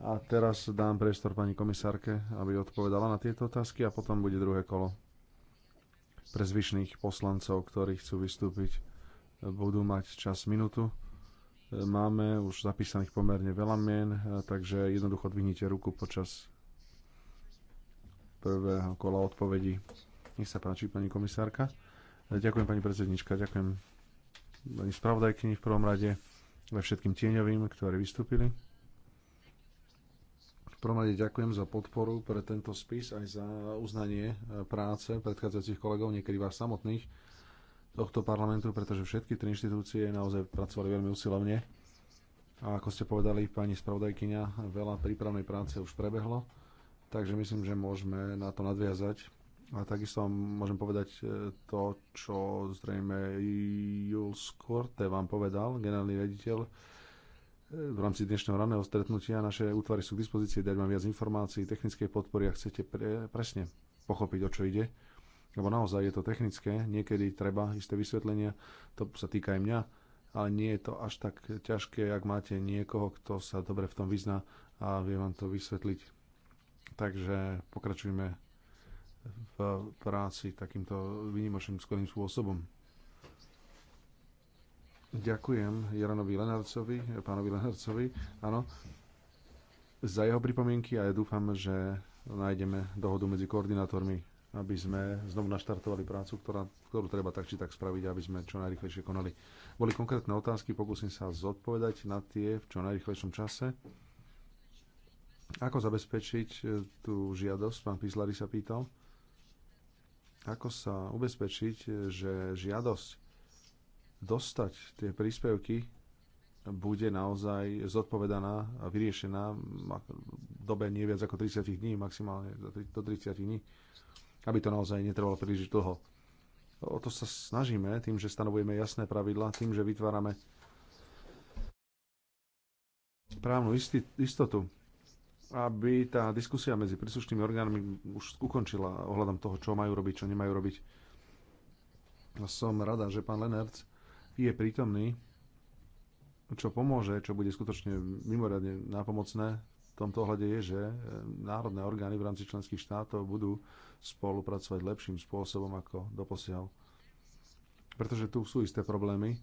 A teraz dám priestor pani komisárke, aby odpovedala na tieto otázky a potom bude druhé kolo pre zvyšných poslancov, ktorí chcú vystúpiť budú mať čas minútu. Máme už zapísaných pomerne veľa mien, takže jednoducho dvihnite ruku počas prvého kola odpovedí. Nech sa páči, pani komisárka. Ďakujem, pani predsednička, ďakujem pani spravodajkyni v prvom rade, aj všetkým tieňovým, ktorí vystúpili. V prvom rade ďakujem za podporu pre tento spis, aj za uznanie práce predchádzajúcich kolegov, niekedy vás samotných tohto parlamentu, pretože všetky tri inštitúcie naozaj pracovali veľmi usilovne. A ako ste povedali, pani spravodajkyňa, veľa prípravnej práce už prebehlo, takže myslím, že môžeme na to nadviazať. A takisto môžem povedať e, to, čo zrejme Jules Korte vám povedal, generálny riaditeľ, e, v rámci dnešného raného stretnutia. Naše útvary sú k dispozícii, dať vám viac informácií, technickej podpory, ak chcete pre, presne pochopiť, o čo ide lebo naozaj je to technické, niekedy treba isté vysvetlenia, to sa týka aj mňa, ale nie je to až tak ťažké, ak máte niekoho, kto sa dobre v tom vyzná a vie vám to vysvetliť. Takže pokračujme v práci takýmto výnimočným skvelým spôsobom. Ďakujem Jaranovi Lenarcovi, pánovi Lenarcovi, áno, za jeho pripomienky a ja dúfam, že nájdeme dohodu medzi koordinátormi aby sme znovu naštartovali prácu, ktorá, ktorú treba tak či tak spraviť, aby sme čo najrychlejšie konali. Boli konkrétne otázky, pokúsim sa zodpovedať na tie v čo najrychlejšom čase. Ako zabezpečiť e, tú žiadosť? Pán Pizlari sa pýtal. Ako sa ubezpečiť, e, že žiadosť dostať tie príspevky bude naozaj zodpovedaná a vyriešená v dobe nie viac ako 30 dní, maximálne do 30 dní aby to naozaj netrvalo príliš dlho. O to sa snažíme tým, že stanovujeme jasné pravidlá, tým, že vytvárame právnu istotu, aby tá diskusia medzi príslušnými orgánmi už ukončila ohľadom toho, čo majú robiť, čo nemajú robiť. Som rada, že pán Lenerc je prítomný, čo pomôže, čo bude skutočne mimoriadne nápomocné tomto ohľade je, že e, národné orgány v rámci členských štátov budú spolupracovať lepším spôsobom ako doposiaľ. Pretože tu sú isté problémy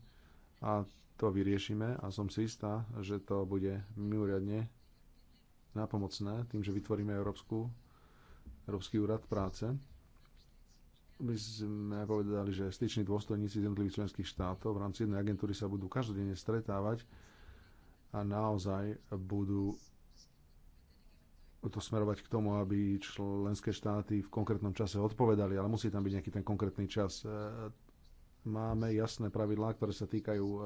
a to vyriešime a som si istá, že to bude mimoriadne nápomocné tým, že vytvoríme Európsku, Európsky úrad práce. My sme povedali, že styční dôstojníci z jednotlivých členských štátov v rámci jednej agentúry sa budú každodenne stretávať a naozaj budú to smerovať k tomu, aby členské štáty v konkrétnom čase odpovedali, ale musí tam byť nejaký ten konkrétny čas. E, máme jasné pravidlá, ktoré sa týkajú e,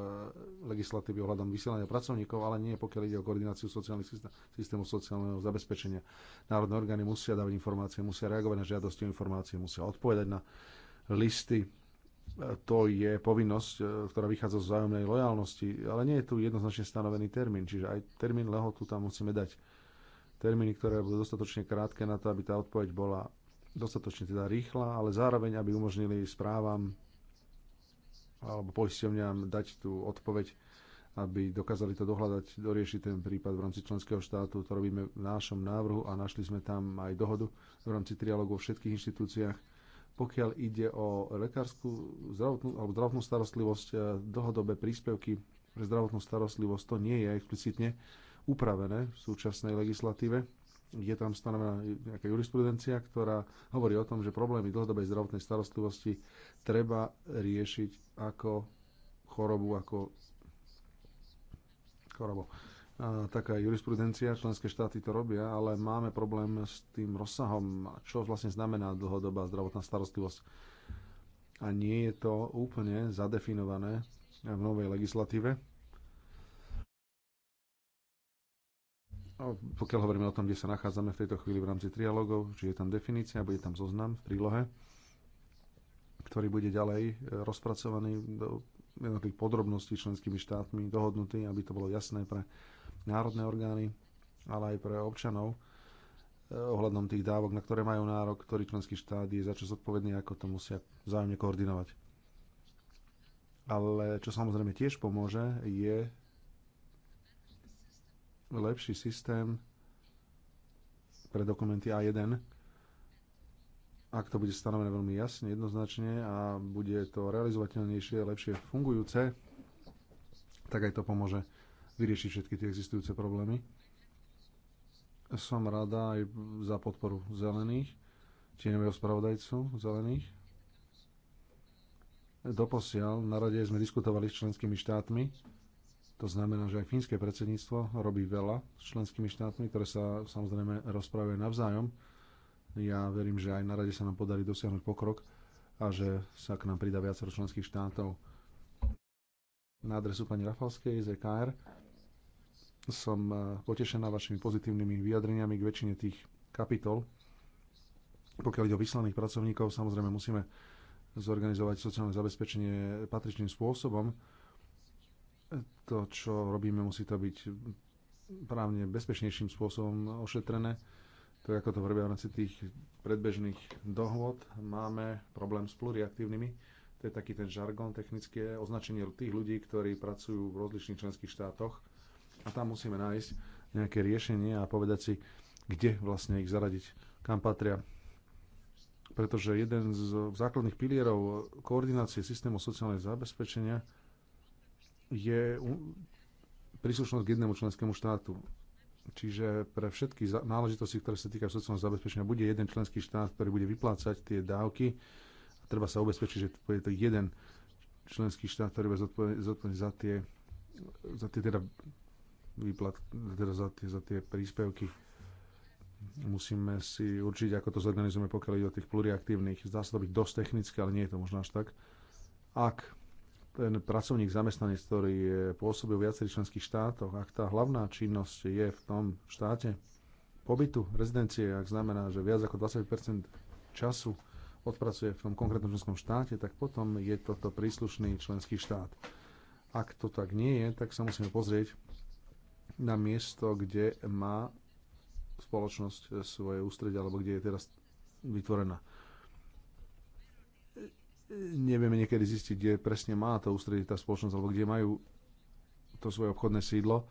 legislatívy ohľadom vysielania pracovníkov, ale nie pokiaľ ide o koordináciu sociálnych systém, systémov sociálneho zabezpečenia. Národné orgány musia dávať informácie, musia reagovať na žiadosti o informácie, musia odpovedať na listy. E, to je povinnosť, ktorá vychádza z vzájomnej lojalnosti, ale nie je tu jednoznačne stanovený termín, čiže aj termín lehotu tam musíme dať termíny, ktoré budú dostatočne krátke na to, aby tá odpoveď bola dostatočne teda rýchla, ale zároveň, aby umožnili správam alebo poisťovňam dať tú odpoveď, aby dokázali to dohľadať, doriešiť ten prípad v rámci členského štátu. To robíme v našom návrhu a našli sme tam aj dohodu v rámci trialógu vo všetkých inštitúciách. Pokiaľ ide o lekárskú zdravotnú, alebo zdravotnú starostlivosť, eh, dlhodobé príspevky pre zdravotnú starostlivosť, to nie je explicitne upravené v súčasnej legislatíve. Je tam stanovená nejaká jurisprudencia, ktorá hovorí o tom, že problémy dlhodobej zdravotnej starostlivosti treba riešiť ako chorobu, ako chorobu. A taká jurisprudencia, členské štáty to robia, ale máme problém s tým rozsahom, čo vlastne znamená dlhodobá zdravotná starostlivosť. A nie je to úplne zadefinované v novej legislatíve pokiaľ hovoríme o tom, kde sa nachádzame v tejto chvíli v rámci trialogov, či je tam definícia, bude tam zoznam v prílohe, ktorý bude ďalej e, rozpracovaný do jednotlivých podrobností členskými štátmi, dohodnutý, aby to bolo jasné pre národné orgány, ale aj pre občanov e, ohľadom tých dávok, na ktoré majú nárok, ktorý členský štát je za čo zodpovedný, ako to musia vzájomne koordinovať. Ale čo samozrejme tiež pomôže, je lepší systém pre dokumenty A1, ak to bude stanovené veľmi jasne, jednoznačne a bude to realizovateľnejšie, lepšie fungujúce, tak aj to pomôže vyriešiť všetky tie existujúce problémy. Som rada aj za podporu zelených, tieňového spravodajcu zelených. Doposiaľ na rade sme diskutovali s členskými štátmi, to znamená, že aj fínske predsedníctvo robí veľa s členskými štátmi, ktoré sa samozrejme rozprávajú navzájom. Ja verím, že aj na rade sa nám podarí dosiahnuť pokrok a že sa k nám pridá viacero členských štátov. Na adresu pani Rafalskej z EKR som eh, potešená vašimi pozitívnymi vyjadreniami k väčšine tých kapitol. Pokiaľ ide o vyslaných pracovníkov, samozrejme musíme zorganizovať sociálne zabezpečenie patričným spôsobom to, čo robíme, musí to byť právne bezpečnejším spôsobom ošetrené. To, ako to robia v rámci tých predbežných dohôd, máme problém s pluriaktívnymi. To je taký ten žargon technické označenie tých ľudí, ktorí pracujú v rozličných členských štátoch. A tam musíme nájsť nejaké riešenie a povedať si, kde vlastne ich zaradiť, kam patria. Pretože jeden z základných pilierov koordinácie systému sociálneho zabezpečenia je príslušnosť k jednému členskému štátu. Čiže pre všetky náležitosti, ktoré sa týkajú sociálneho zabezpečenia, bude jeden členský štát, ktorý bude vyplácať tie dávky. A treba sa ubezpečiť, že to je to jeden členský štát, ktorý bude zodpovedný za tie, za tie teda výplat, teda za tie, za tie príspevky. Musíme si určiť, ako to zorganizujeme, pokiaľ ide o tých pluriaktívnych. Zdá sa to byť dosť technické, ale nie je to možno až tak. Ak ten pracovník, zamestnanec, ktorý je pôsobil v viacerých členských štátoch, ak tá hlavná činnosť je v tom štáte pobytu, rezidencie, ak znamená, že viac ako 20 času odpracuje v tom konkrétnom členskom štáte, tak potom je toto príslušný členský štát. Ak to tak nie je, tak sa musíme pozrieť na miesto, kde má spoločnosť svoje ústredie, alebo kde je teraz vytvorená nevieme niekedy zistiť, kde presne má to ústredie tá spoločnosť, alebo kde majú to svoje obchodné sídlo.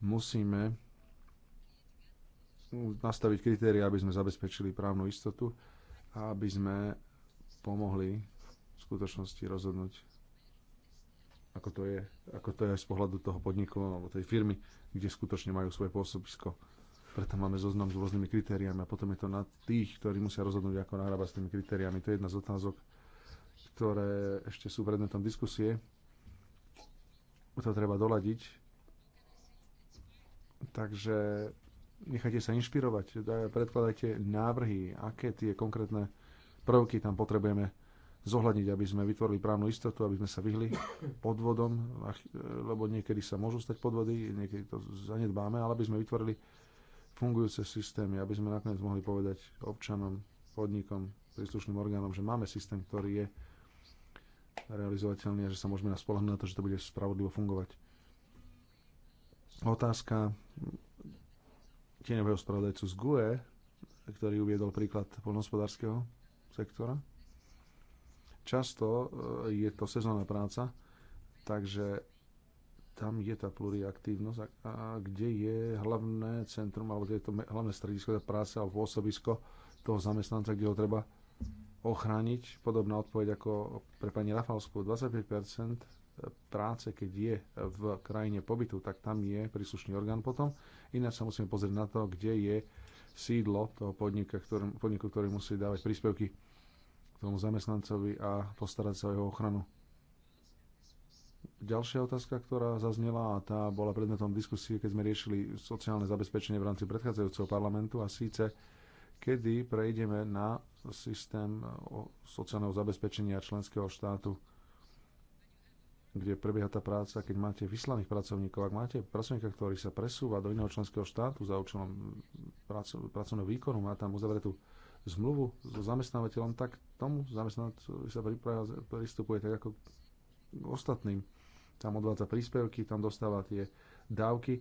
Musíme nastaviť kritéria, aby sme zabezpečili právnu istotu a aby sme pomohli v skutočnosti rozhodnúť, ako to je, ako to je z pohľadu toho podniku alebo tej firmy, kde skutočne majú svoje pôsobisko. Preto máme zoznam s rôznymi kritériami a potom je to na tých, ktorí musia rozhodnúť, ako nahrábať s tými kritériami. To je jedna z otázok, ktoré ešte sú predmetom diskusie. To treba doladiť. Takže nechajte sa inšpirovať, predkladajte návrhy, aké tie konkrétne prvky tam potrebujeme zohľadniť, aby sme vytvorili právnu istotu, aby sme sa vyhli podvodom, lebo niekedy sa môžu stať podvody, niekedy to zanedbáme, ale aby sme vytvorili fungujúce systémy, aby sme nakoniec mohli povedať občanom, podnikom, príslušným orgánom, že máme systém, ktorý je realizovateľný a že sa môžeme spolahnúť na to, že to bude spravodlivo fungovať. Otázka tieňového spravodajcu z GUE, ktorý uviedol príklad poľnohospodárskeho sektora. Často e, je to sezónna práca, takže tam je tá pluriaktívnosť a, a kde je hlavné centrum, alebo kde je to hlavné stredisko, práce alebo pôsobisko toho zamestnanca, kde ho treba ochrániť. Podobná odpoveď ako pre pani Rafalskú, 25% práce, keď je v krajine pobytu, tak tam je príslušný orgán potom. Ináč sa musíme pozrieť na to, kde je sídlo toho podnika, ktorý, podniku, ktorý musí dávať príspevky tomu zamestnancovi a postarať sa o jeho ochranu. Ďalšia otázka, ktorá zaznela a tá bola predmetom diskusie, keď sme riešili sociálne zabezpečenie v rámci predchádzajúceho parlamentu a síce kedy prejdeme na systém sociálneho zabezpečenia členského štátu, kde prebieha tá práca, keď máte vyslaných pracovníkov. Ak máte pracovníka, ktorý sa presúva do iného členského štátu za účelom pracovného výkonu, má tam uzavretú zmluvu so zamestnávateľom, tak tomu zamestnávateľovi sa pristupuje tak ako ostatným. Tam odvádza príspevky, tam dostáva tie dávky.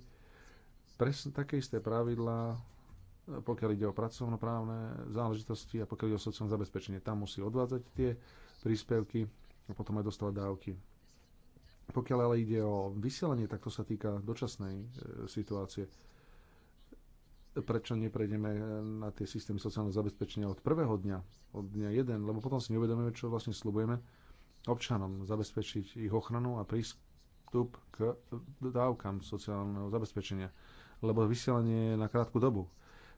Presne také isté pravidlá pokiaľ ide o pracovnoprávne záležitosti a pokiaľ ide o sociálne zabezpečenie. Tam musí odvádzať tie príspevky a potom aj dostávať dávky. Pokiaľ ale ide o vysielanie, tak to sa týka dočasnej e, situácie. Prečo neprejdeme na tie systémy sociálneho zabezpečenia od prvého dňa, od dňa 1, lebo potom si neuvedomujeme, čo vlastne slubujeme občanom, zabezpečiť ich ochranu a prístup k dávkam sociálneho zabezpečenia, lebo vysielanie je na krátku dobu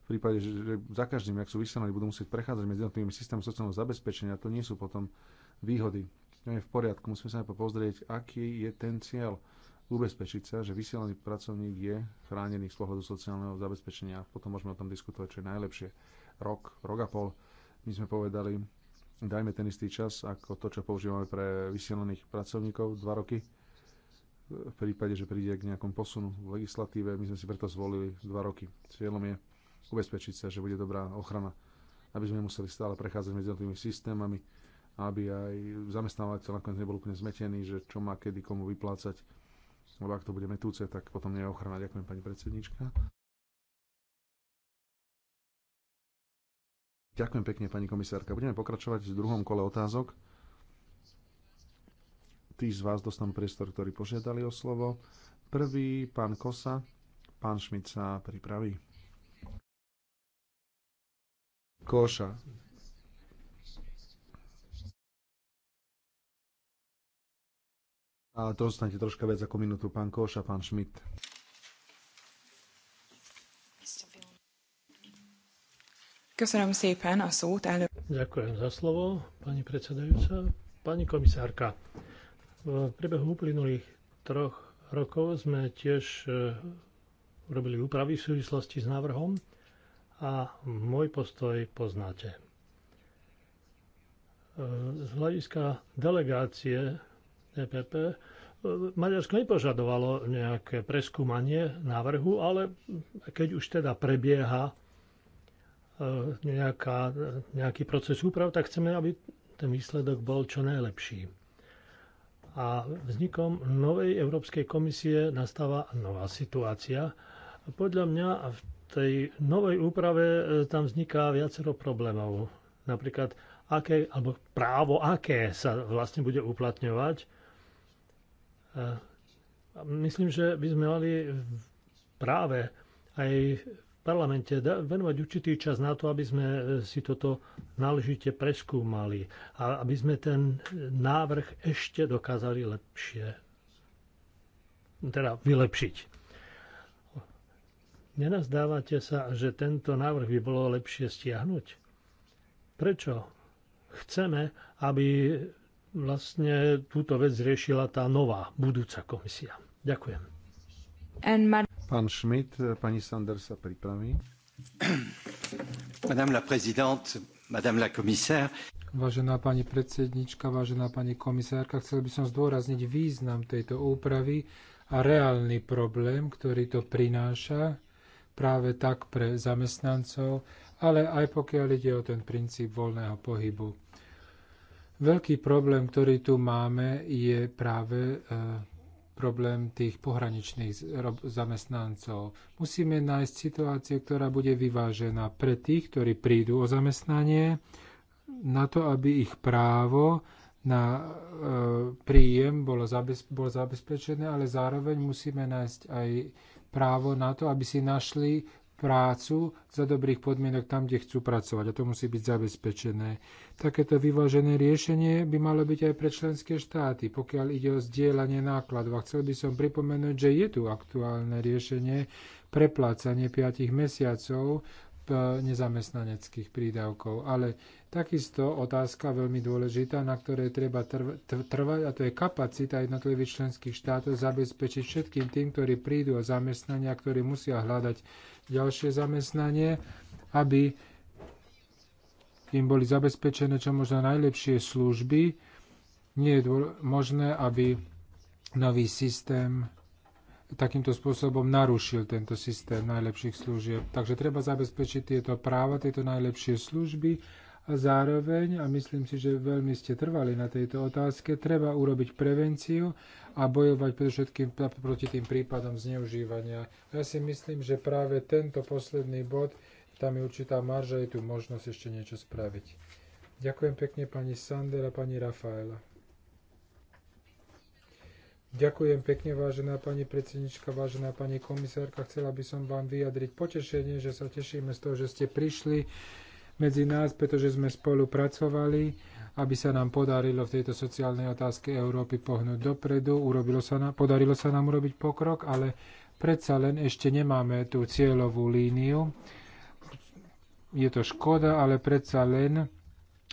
v prípade, že za každým, ak sú vyslaní, budú musieť prechádzať medzi jednotlivými systémami sociálneho zabezpečenia, to nie sú potom výhody. To je v poriadku, musíme sa najprv pozrieť, aký je ten cieľ ubezpečiť sa, že vysielaný pracovník je chránený z pohľadu sociálneho zabezpečenia. Potom môžeme o tom diskutovať, čo je najlepšie. Rok, rok a pol. My sme povedali, dajme ten istý čas ako to, čo používame pre vysielaných pracovníkov, dva roky. V prípade, že príde k nejakom posunu v legislatíve, my sme si preto zvolili dva roky. Cieľom je ubezpečiť sa, že bude dobrá ochrana, aby sme museli stále prechádzať medzi jednotlivými systémami, aby aj zamestnávateľ nakoniec nebol úplne zmetený, že čo má kedy komu vyplácať. Lebo ak to bude metúce, tak potom nie je ochrana. Ďakujem, pani predsednička. Ďakujem pekne, pani komisárka. Budeme pokračovať v druhom kole otázok. Tí z vás dostanú priestor, ktorí požiadali o slovo. Prvý, pán Kosa, pán Šmica pripraví. Koša. A dostanete troška viac ako minútu. Pán Koša, pán Schmidt. Köszönöm szépen a szót, elő. Ďakujem za slovo, pani predsedajúca. Pani komisárka, v priebehu uplynulých troch rokov sme tiež eh, urobili úpravy v súvislosti s návrhom a môj postoj poznáte. E, z hľadiska delegácie EPP e, Maďarsko nepožadovalo nejaké preskúmanie návrhu, ale keď už teda prebieha e, nejaká, nejaký proces úprav, tak chceme, aby ten výsledok bol čo najlepší. A vznikom novej Európskej komisie nastáva nová situácia. Podľa mňa v tej novej úprave e, tam vzniká viacero problémov. Napríklad, aké, alebo právo, aké sa vlastne bude uplatňovať. E, myslím, že by sme mali práve aj v parlamente venovať určitý čas na to, aby sme e, si toto náležite preskúmali a aby sme ten návrh ešte dokázali lepšie, teda vylepšiť. Nenazdávate sa, že tento návrh by bolo lepšie stiahnuť? Prečo chceme, aby vlastne túto vec riešila tá nová, budúca komisia? Ďakujem. Pán Schmidt, pani Sander sa pripraví. Madame la présidente, madame la commissaire. Vážená pani predsednička, vážená pani komisárka, chcel by som zdôrazniť význam tejto úpravy a reálny problém, ktorý to prináša práve tak pre zamestnancov, ale aj pokiaľ ide o ten princíp voľného pohybu. Veľký problém, ktorý tu máme, je práve e, problém tých pohraničných zamestnancov. Musíme nájsť situáciu, ktorá bude vyvážená pre tých, ktorí prídu o zamestnanie, na to, aby ich právo na e, príjem bolo zabez, zabezpečené, ale zároveň musíme nájsť aj právo na to, aby si našli prácu za dobrých podmienok tam, kde chcú pracovať a to musí byť zabezpečené. Takéto vyvážené riešenie by malo byť aj pre členské štáty, pokiaľ ide o zdieľanie nákladov. A chcel by som pripomenúť, že je tu aktuálne riešenie preplácanie 5 mesiacov E, nezamestnaneckých prídavkov. Ale takisto otázka veľmi dôležitá, na ktorej treba trvať, a to je kapacita jednotlivých členských štátov zabezpečiť všetkým tým, ktorí prídu o zamestnania, ktorí musia hľadať ďalšie zamestnanie, aby im boli zabezpečené čo možno najlepšie služby. Nie je možné, aby nový systém takýmto spôsobom narušil tento systém najlepších služieb. Takže treba zabezpečiť tieto práva, tieto najlepšie služby a zároveň, a myslím si, že veľmi ste trvali na tejto otázke, treba urobiť prevenciu a bojovať predovšetkým proti tým prípadom zneužívania. Ja si myslím, že práve tento posledný bod, tam je určitá marža, je tu možnosť ešte niečo spraviť. Ďakujem pekne pani Sander a pani Rafaela. Ďakujem pekne, vážená pani predsednička, vážená pani komisárka. Chcela by som vám vyjadriť potešenie, že sa tešíme z toho, že ste prišli medzi nás, pretože sme spolupracovali, aby sa nám podarilo v tejto sociálnej otázke Európy pohnúť dopredu. Urobilo sa nám, podarilo sa nám urobiť pokrok, ale predsa len ešte nemáme tú cieľovú líniu. Je to škoda, ale predsa len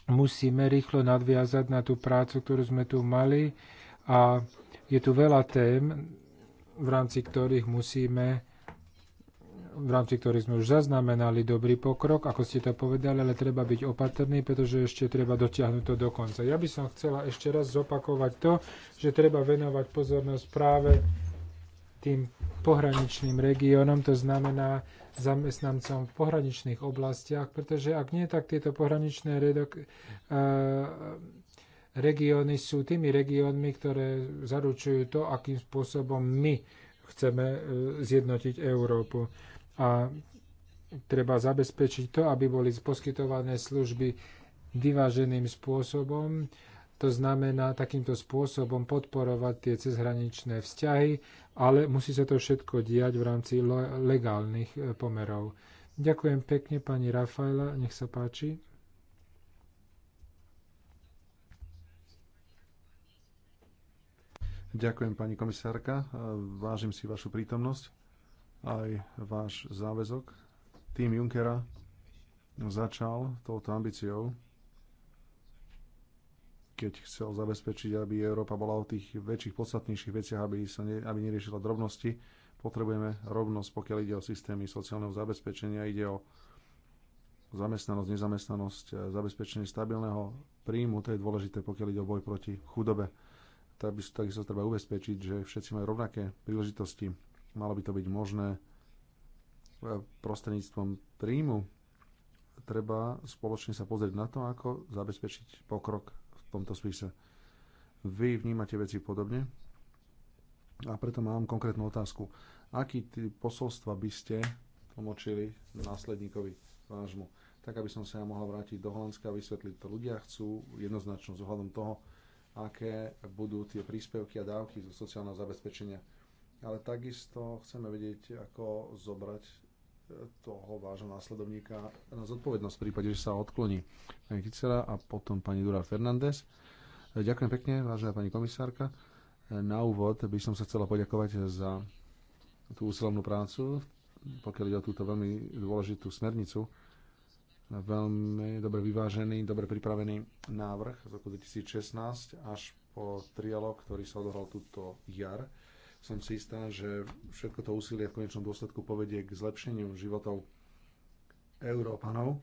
musíme rýchlo nadviazať na tú prácu, ktorú sme tu mali a je tu veľa tém, v rámci ktorých musíme v rámci ktorých sme už zaznamenali dobrý pokrok, ako ste to povedali, ale treba byť opatrný, pretože ešte treba dotiahnuť to do konca. Ja by som chcela ešte raz zopakovať to, že treba venovať pozornosť práve tým pohraničným regiónom, to znamená zamestnancom v pohraničných oblastiach, pretože ak nie, tak tieto pohraničné redok, regióny sú tými regiónmi, ktoré zaručujú to, akým spôsobom my chceme e, zjednotiť Európu. A treba zabezpečiť to, aby boli poskytované služby vyváženým spôsobom. To znamená takýmto spôsobom podporovať tie cezhraničné vzťahy, ale musí sa to všetko diať v rámci legálnych e, pomerov. Ďakujem pekne pani Rafaela, nech sa páči. Ďakujem, pani komisárka. E, vážim si vašu prítomnosť aj váš záväzok. Tým Junckera začal touto ambíciou, keď chcel zabezpečiť, aby Európa bola o tých väčších, podstatnejších veciach, aby, sa ne, aby neriešila drobnosti. Potrebujeme rovnosť, pokiaľ ide o systémy sociálneho zabezpečenia, ide o zamestnanosť, nezamestnanosť, e, zabezpečenie stabilného príjmu, to je dôležité, pokiaľ ide o boj proti chudobe takisto, takisto treba ubezpečiť, že všetci majú rovnaké príležitosti. Malo by to byť možné e, prostredníctvom príjmu. Treba spoločne sa pozrieť na to, ako zabezpečiť pokrok v tomto spise. Vy vnímate veci podobne a preto mám konkrétnu otázku. Aký typ posolstva by ste pomočili následníkovi vášmu? Tak, aby som sa ja mohla vrátiť do Holandska a vysvetliť to. Ľudia chcú jednoznačnosť ohľadom toho, aké budú tie príspevky a dávky zo sociálneho zabezpečenia. Ale takisto chceme vedieť, ako zobrať eh, toho vášho následovníka na zodpovednosť v prípade, že sa odkloní. Pani Kicera a potom pani Dura Fernández. Eh, ďakujem pekne, vážená pani komisárka. Eh, na úvod by som sa chcela poďakovať za tú úsilovnú prácu, pokiaľ ide o túto veľmi dôležitú smernicu veľmi dobre vyvážený, dobre pripravený návrh z roku 2016 až po trialog, ktorý sa odohral túto jar. Som si istá, že všetko to úsilie v konečnom dôsledku povedie k zlepšeniu životov Európanov.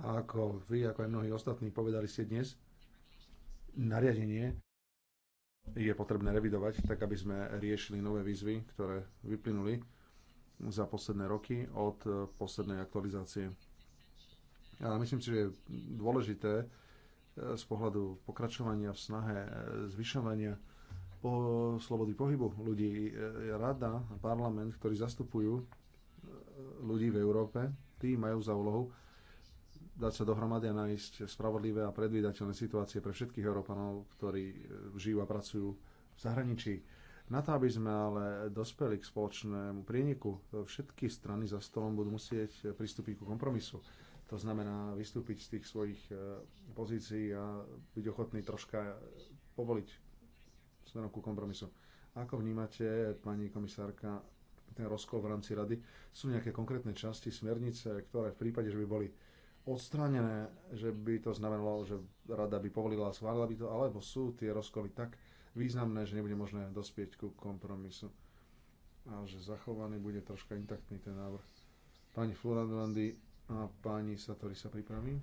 A ako vy, ako aj mnohí ostatní povedali ste dnes, nariadenie je potrebné revidovať, tak aby sme riešili nové výzvy, ktoré vyplynuli za posledné roky od poslednej aktualizácie a myslím si, že je dôležité e, z pohľadu pokračovania v snahe e, zvyšovania po slobody pohybu ľudí. E, Rada a parlament, ktorí zastupujú ľudí v Európe, tí majú za úlohu dať sa dohromady a nájsť spravodlivé a predvídateľné situácie pre všetkých Európanov, ktorí žijú a pracujú v zahraničí. Na to, aby sme ale dospeli k spoločnému prieniku, všetky strany za stolom budú musieť pristúpiť ku kompromisu to znamená vystúpiť z tých svojich e, pozícií a byť ochotný troška povoliť smerom ku kompromisu. Ako vnímate, pani komisárka, ten rozkol v rámci rady? Sú nejaké konkrétne časti smernice, ktoré v prípade, že by boli odstránené, že by to znamenalo, že rada by povolila a schválila by to, alebo sú tie rozkoly tak významné, že nebude možné dospieť ku kompromisu a že zachovaný bude troška intaktný ten návrh. Pani Florandy, a páni Satori sa pripraví.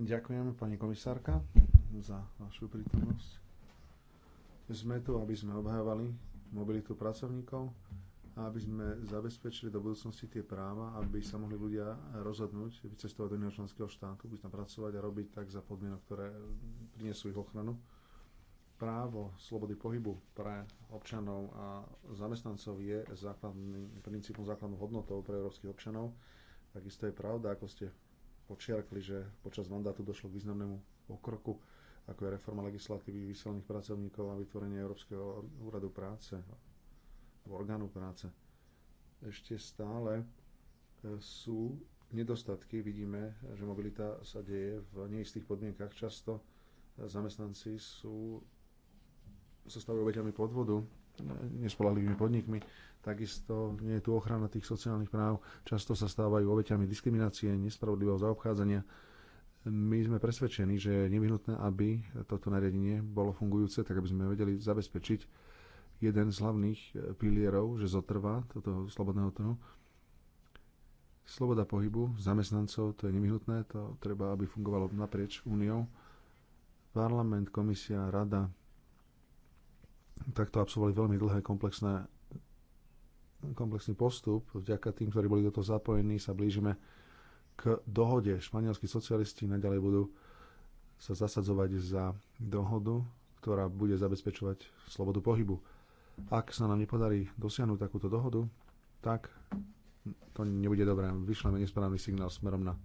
Ďakujem, pani komisárka, za vašu prítomnosť. Sme tu, aby sme obhajovali mobilitu pracovníkov a aby sme zabezpečili do budúcnosti tie práva, aby sa mohli ľudia rozhodnúť vycestovať do iného členského štátu, byť tam pracovať a robiť tak za podmienok, ktoré prinesú ich ochranu právo slobody pohybu pre občanov a zamestnancov je základný, princípom základnou hodnotou pre európskych občanov. Takisto je pravda, ako ste počiarkli, že počas mandátu došlo k významnému pokroku, ako je reforma legislatívy vyselených pracovníkov a vytvorenie Európskeho úradu práce, orgánu práce. Ešte stále e, sú nedostatky. Vidíme, že mobilita sa deje v neistých podmienkach. Často e, zamestnanci sú sa stali obeťami podvodu, nespolahlivými podnikmi. Takisto nie je tu ochrana tých sociálnych práv. Často sa stávajú obeťami diskriminácie, nespravodlivého zaobchádzania. My sme presvedčení, že je nevyhnutné, aby toto nariadenie bolo fungujúce, tak aby sme vedeli zabezpečiť jeden z hlavných e, pilierov, že zotrvá toto slobodného trhu. Sloboda pohybu zamestnancov, to je nevyhnutné, to treba, aby fungovalo naprieč úniou. Parlament, komisia, rada, takto absolvovali veľmi dlhé komplexné, komplexný postup. Vďaka tým, ktorí boli do toho zapojení, sa blížime k dohode. Španielskí socialisti naďalej budú sa zasadzovať za dohodu, ktorá bude zabezpečovať slobodu pohybu. Ak sa nám nepodarí dosiahnuť takúto dohodu, tak to nebude dobré. Vyšleme nesprávny signál smerom na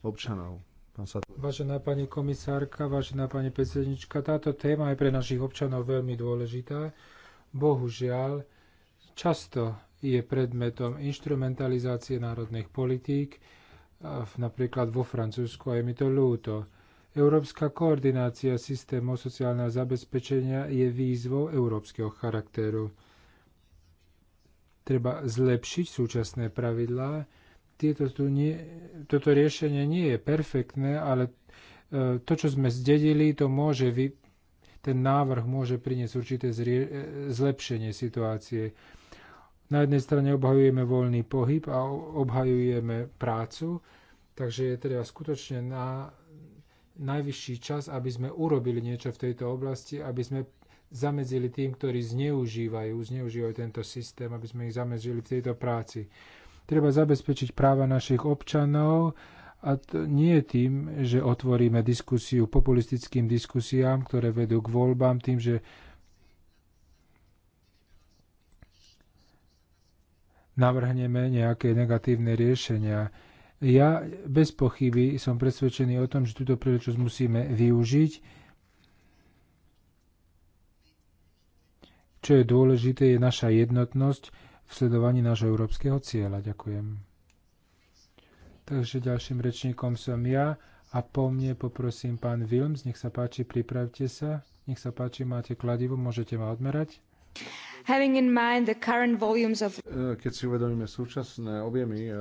občanov. No, vážená pani komisárka, vážená pani predsednička, táto téma je pre našich občanov veľmi dôležitá. Bohužiaľ, často je predmetom instrumentalizácie národných politík, napríklad vo Francúzsku, a je mi to ľúto. Európska koordinácia systémov sociálneho zabezpečenia je výzvou európskeho charakteru. Treba zlepšiť súčasné pravidlá, tieto tu nie, toto riešenie nie je perfektné, ale e, to, čo sme zdedili, to môže vy, ten návrh môže priniesť určité zrie, e, zlepšenie situácie. Na jednej strane obhajujeme voľný pohyb a obhajujeme prácu, takže je teda skutočne na najvyšší čas, aby sme urobili niečo v tejto oblasti, aby sme zamedzili tým, ktorí zneužívajú, zneužívajú tento systém, aby sme ich zamedzili v tejto práci. Treba zabezpečiť práva našich občanov a to nie tým, že otvoríme diskusiu populistickým diskusiám, ktoré vedú k voľbám, tým, že navrhneme nejaké negatívne riešenia. Ja bez pochyby som presvedčený o tom, že túto príležitosť musíme využiť. Čo je dôležité, je naša jednotnosť, v sledovaní nášho európskeho cieľa. Ďakujem. Takže ďalším rečníkom som ja a po mne poprosím pán Vilms, nech sa páči, pripravte sa. Nech sa páči, máte kladivo, môžete ma odmerať. E, keď si uvedomíme súčasné objemy e,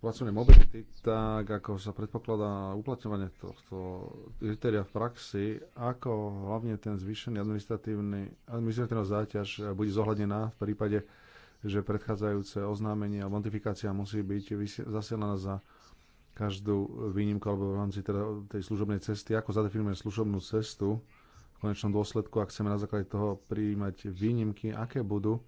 placenej mobility, tak ako sa predpokladá uplatňovanie tohto kritéria v praxi, ako hlavne ten zvýšený administratívny, administratívna záťaž bude zohľadnená v prípade že predchádzajúce oznámenie a notifikácia musí byť zasielaná za každú výnimku alebo v rámci teda tej služobnej cesty, ako zadefinujeme služobnú cestu v konečnom dôsledku, ak chceme na základe toho prijímať výnimky, aké budú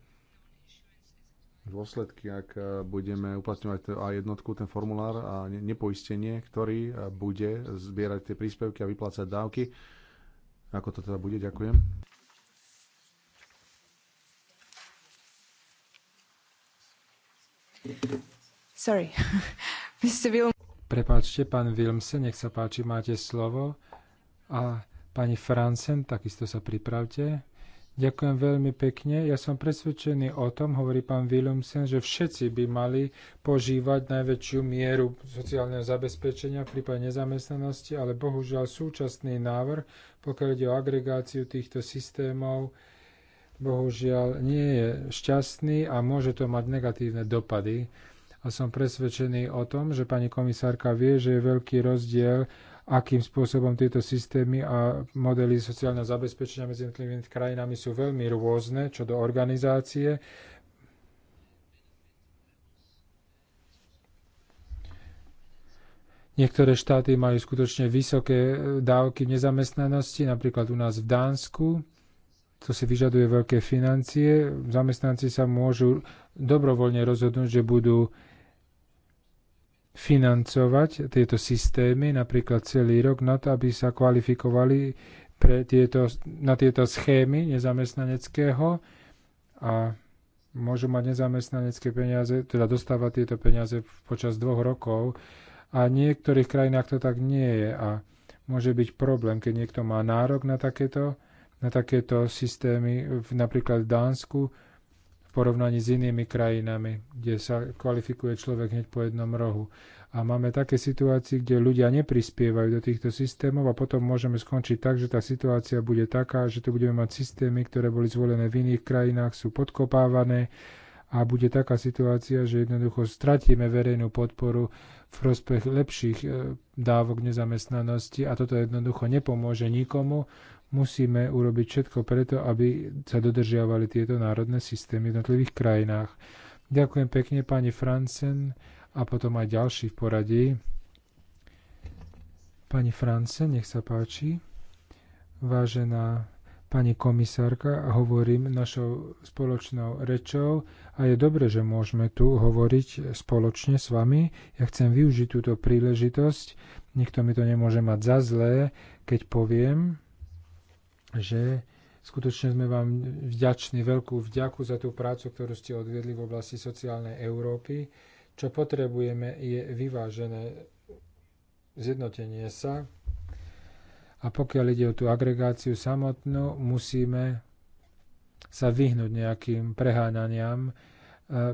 dôsledky, ak budeme uplatňovať a jednotku, ten formulár a nepoistenie, ktorý bude zbierať tie príspevky a vyplácať dávky. Ako to teda bude? Ďakujem. Sorry. Mr. Wilm. Prepáčte, pán Wilmse, nech sa páči, máte slovo. A pani Fransen, takisto sa pripravte. Ďakujem veľmi pekne. Ja som presvedčený o tom, hovorí pán Willumsen, že všetci by mali požívať najväčšiu mieru sociálneho zabezpečenia v prípade nezamestnanosti, ale bohužiaľ súčasný návrh, pokiaľ ide o agregáciu týchto systémov, bohužiaľ nie je šťastný a môže to mať negatívne dopady. A som presvedčený o tom, že pani komisárka vie, že je veľký rozdiel, akým spôsobom tieto systémy a modely sociálneho zabezpečenia medzi jednotlivými krajinami sú veľmi rôzne, čo do organizácie. Niektoré štáty majú skutočne vysoké dávky nezamestnanosti, napríklad u nás v Dánsku to si vyžaduje veľké financie. Zamestnanci sa môžu dobrovoľne rozhodnúť, že budú financovať tieto systémy napríklad celý rok na to, aby sa kvalifikovali pre tieto, na tieto schémy nezamestnaneckého a môžu mať nezamestnanecké peniaze, teda dostávať tieto peniaze počas dvoch rokov a v niektorých krajinách to tak nie je a môže byť problém, keď niekto má nárok na takéto na takéto systémy v, napríklad v Dánsku v porovnaní s inými krajinami, kde sa kvalifikuje človek hneď po jednom rohu. A máme také situácie, kde ľudia neprispievajú do týchto systémov a potom môžeme skončiť tak, že tá situácia bude taká, že tu budeme mať systémy, ktoré boli zvolené v iných krajinách, sú podkopávané a bude taká situácia, že jednoducho stratíme verejnú podporu v prospech lepších e, dávok nezamestnanosti a toto jednoducho nepomôže nikomu, musíme urobiť všetko preto, aby sa dodržiavali tieto národné systémy v jednotlivých krajinách. Ďakujem pekne pani Francen a potom aj ďalší v poradí. Pani Francen, nech sa páči. Vážená pani komisárka, hovorím našou spoločnou rečou a je dobre, že môžeme tu hovoriť spoločne s vami. Ja chcem využiť túto príležitosť. Nikto mi to nemôže mať za zlé, keď poviem, že skutočne sme vám vďační, veľkú vďaku za tú prácu, ktorú ste odviedli v oblasti sociálnej Európy. Čo potrebujeme je vyvážené zjednotenie sa a pokiaľ ide o tú agregáciu samotnú, musíme sa vyhnúť nejakým preháňaniam,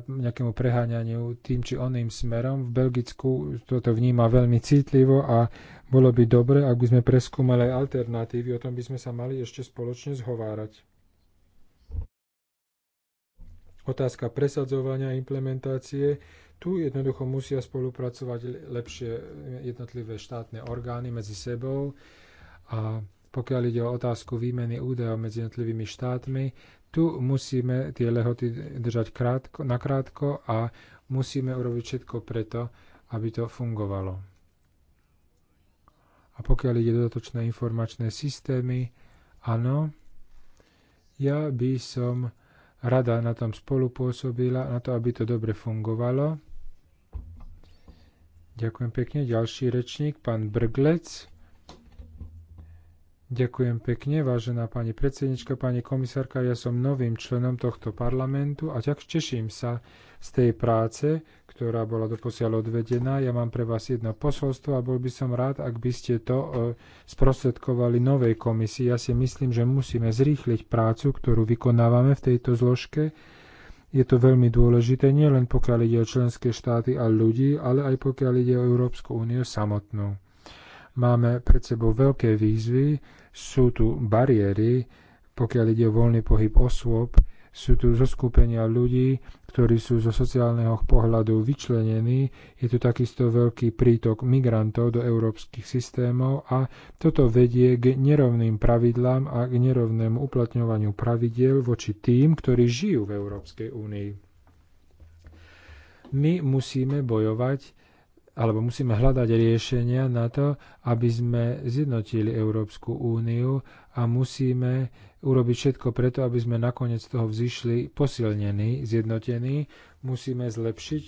nejakému preháňaniu tým či oným smerom. V Belgicku toto vníma veľmi citlivo a bolo by dobre, ak by sme preskúmali alternatívy, o tom by sme sa mali ešte spoločne zhovárať. Otázka presadzovania implementácie. Tu jednoducho musia spolupracovať lepšie jednotlivé štátne orgány medzi sebou a pokiaľ ide o otázku výmeny údajov medzi jednotlivými štátmi, tu musíme tie lehoty držať krátko, nakrátko a musíme urobiť všetko preto, aby to fungovalo. A pokiaľ ide dodatočné informačné systémy, áno, ja by som rada na tom spolupôsobila, na to, aby to dobre fungovalo. Ďakujem pekne. Ďalší rečník, pán Brglec. Ďakujem pekne, vážená pani predsednička, pani komisárka. Ja som novým členom tohto parlamentu a tak teším sa z tej práce, ktorá bola doposiaľ odvedená. Ja mám pre vás jedno posolstvo a bol by som rád, ak by ste to e, sprostredkovali novej komisii. Ja si myslím, že musíme zrýchliť prácu, ktorú vykonávame v tejto zložke. Je to veľmi dôležité nielen pokiaľ ide o členské štáty a ľudí, ale aj pokiaľ ide o Európsku úniu samotnú. Máme pred sebou veľké výzvy, sú tu bariéry, pokiaľ ide o voľný pohyb osôb, sú tu zoskupenia ľudí, ktorí sú zo sociálneho pohľadu vyčlenení, je tu takisto veľký prítok migrantov do európskych systémov a toto vedie k nerovným pravidlám a k nerovnému uplatňovaniu pravidiel voči tým, ktorí žijú v Európskej únii. My musíme bojovať alebo musíme hľadať riešenia na to, aby sme zjednotili Európsku úniu a musíme urobiť všetko preto, aby sme nakoniec toho vzýšli posilnení, zjednotení. Musíme zlepšiť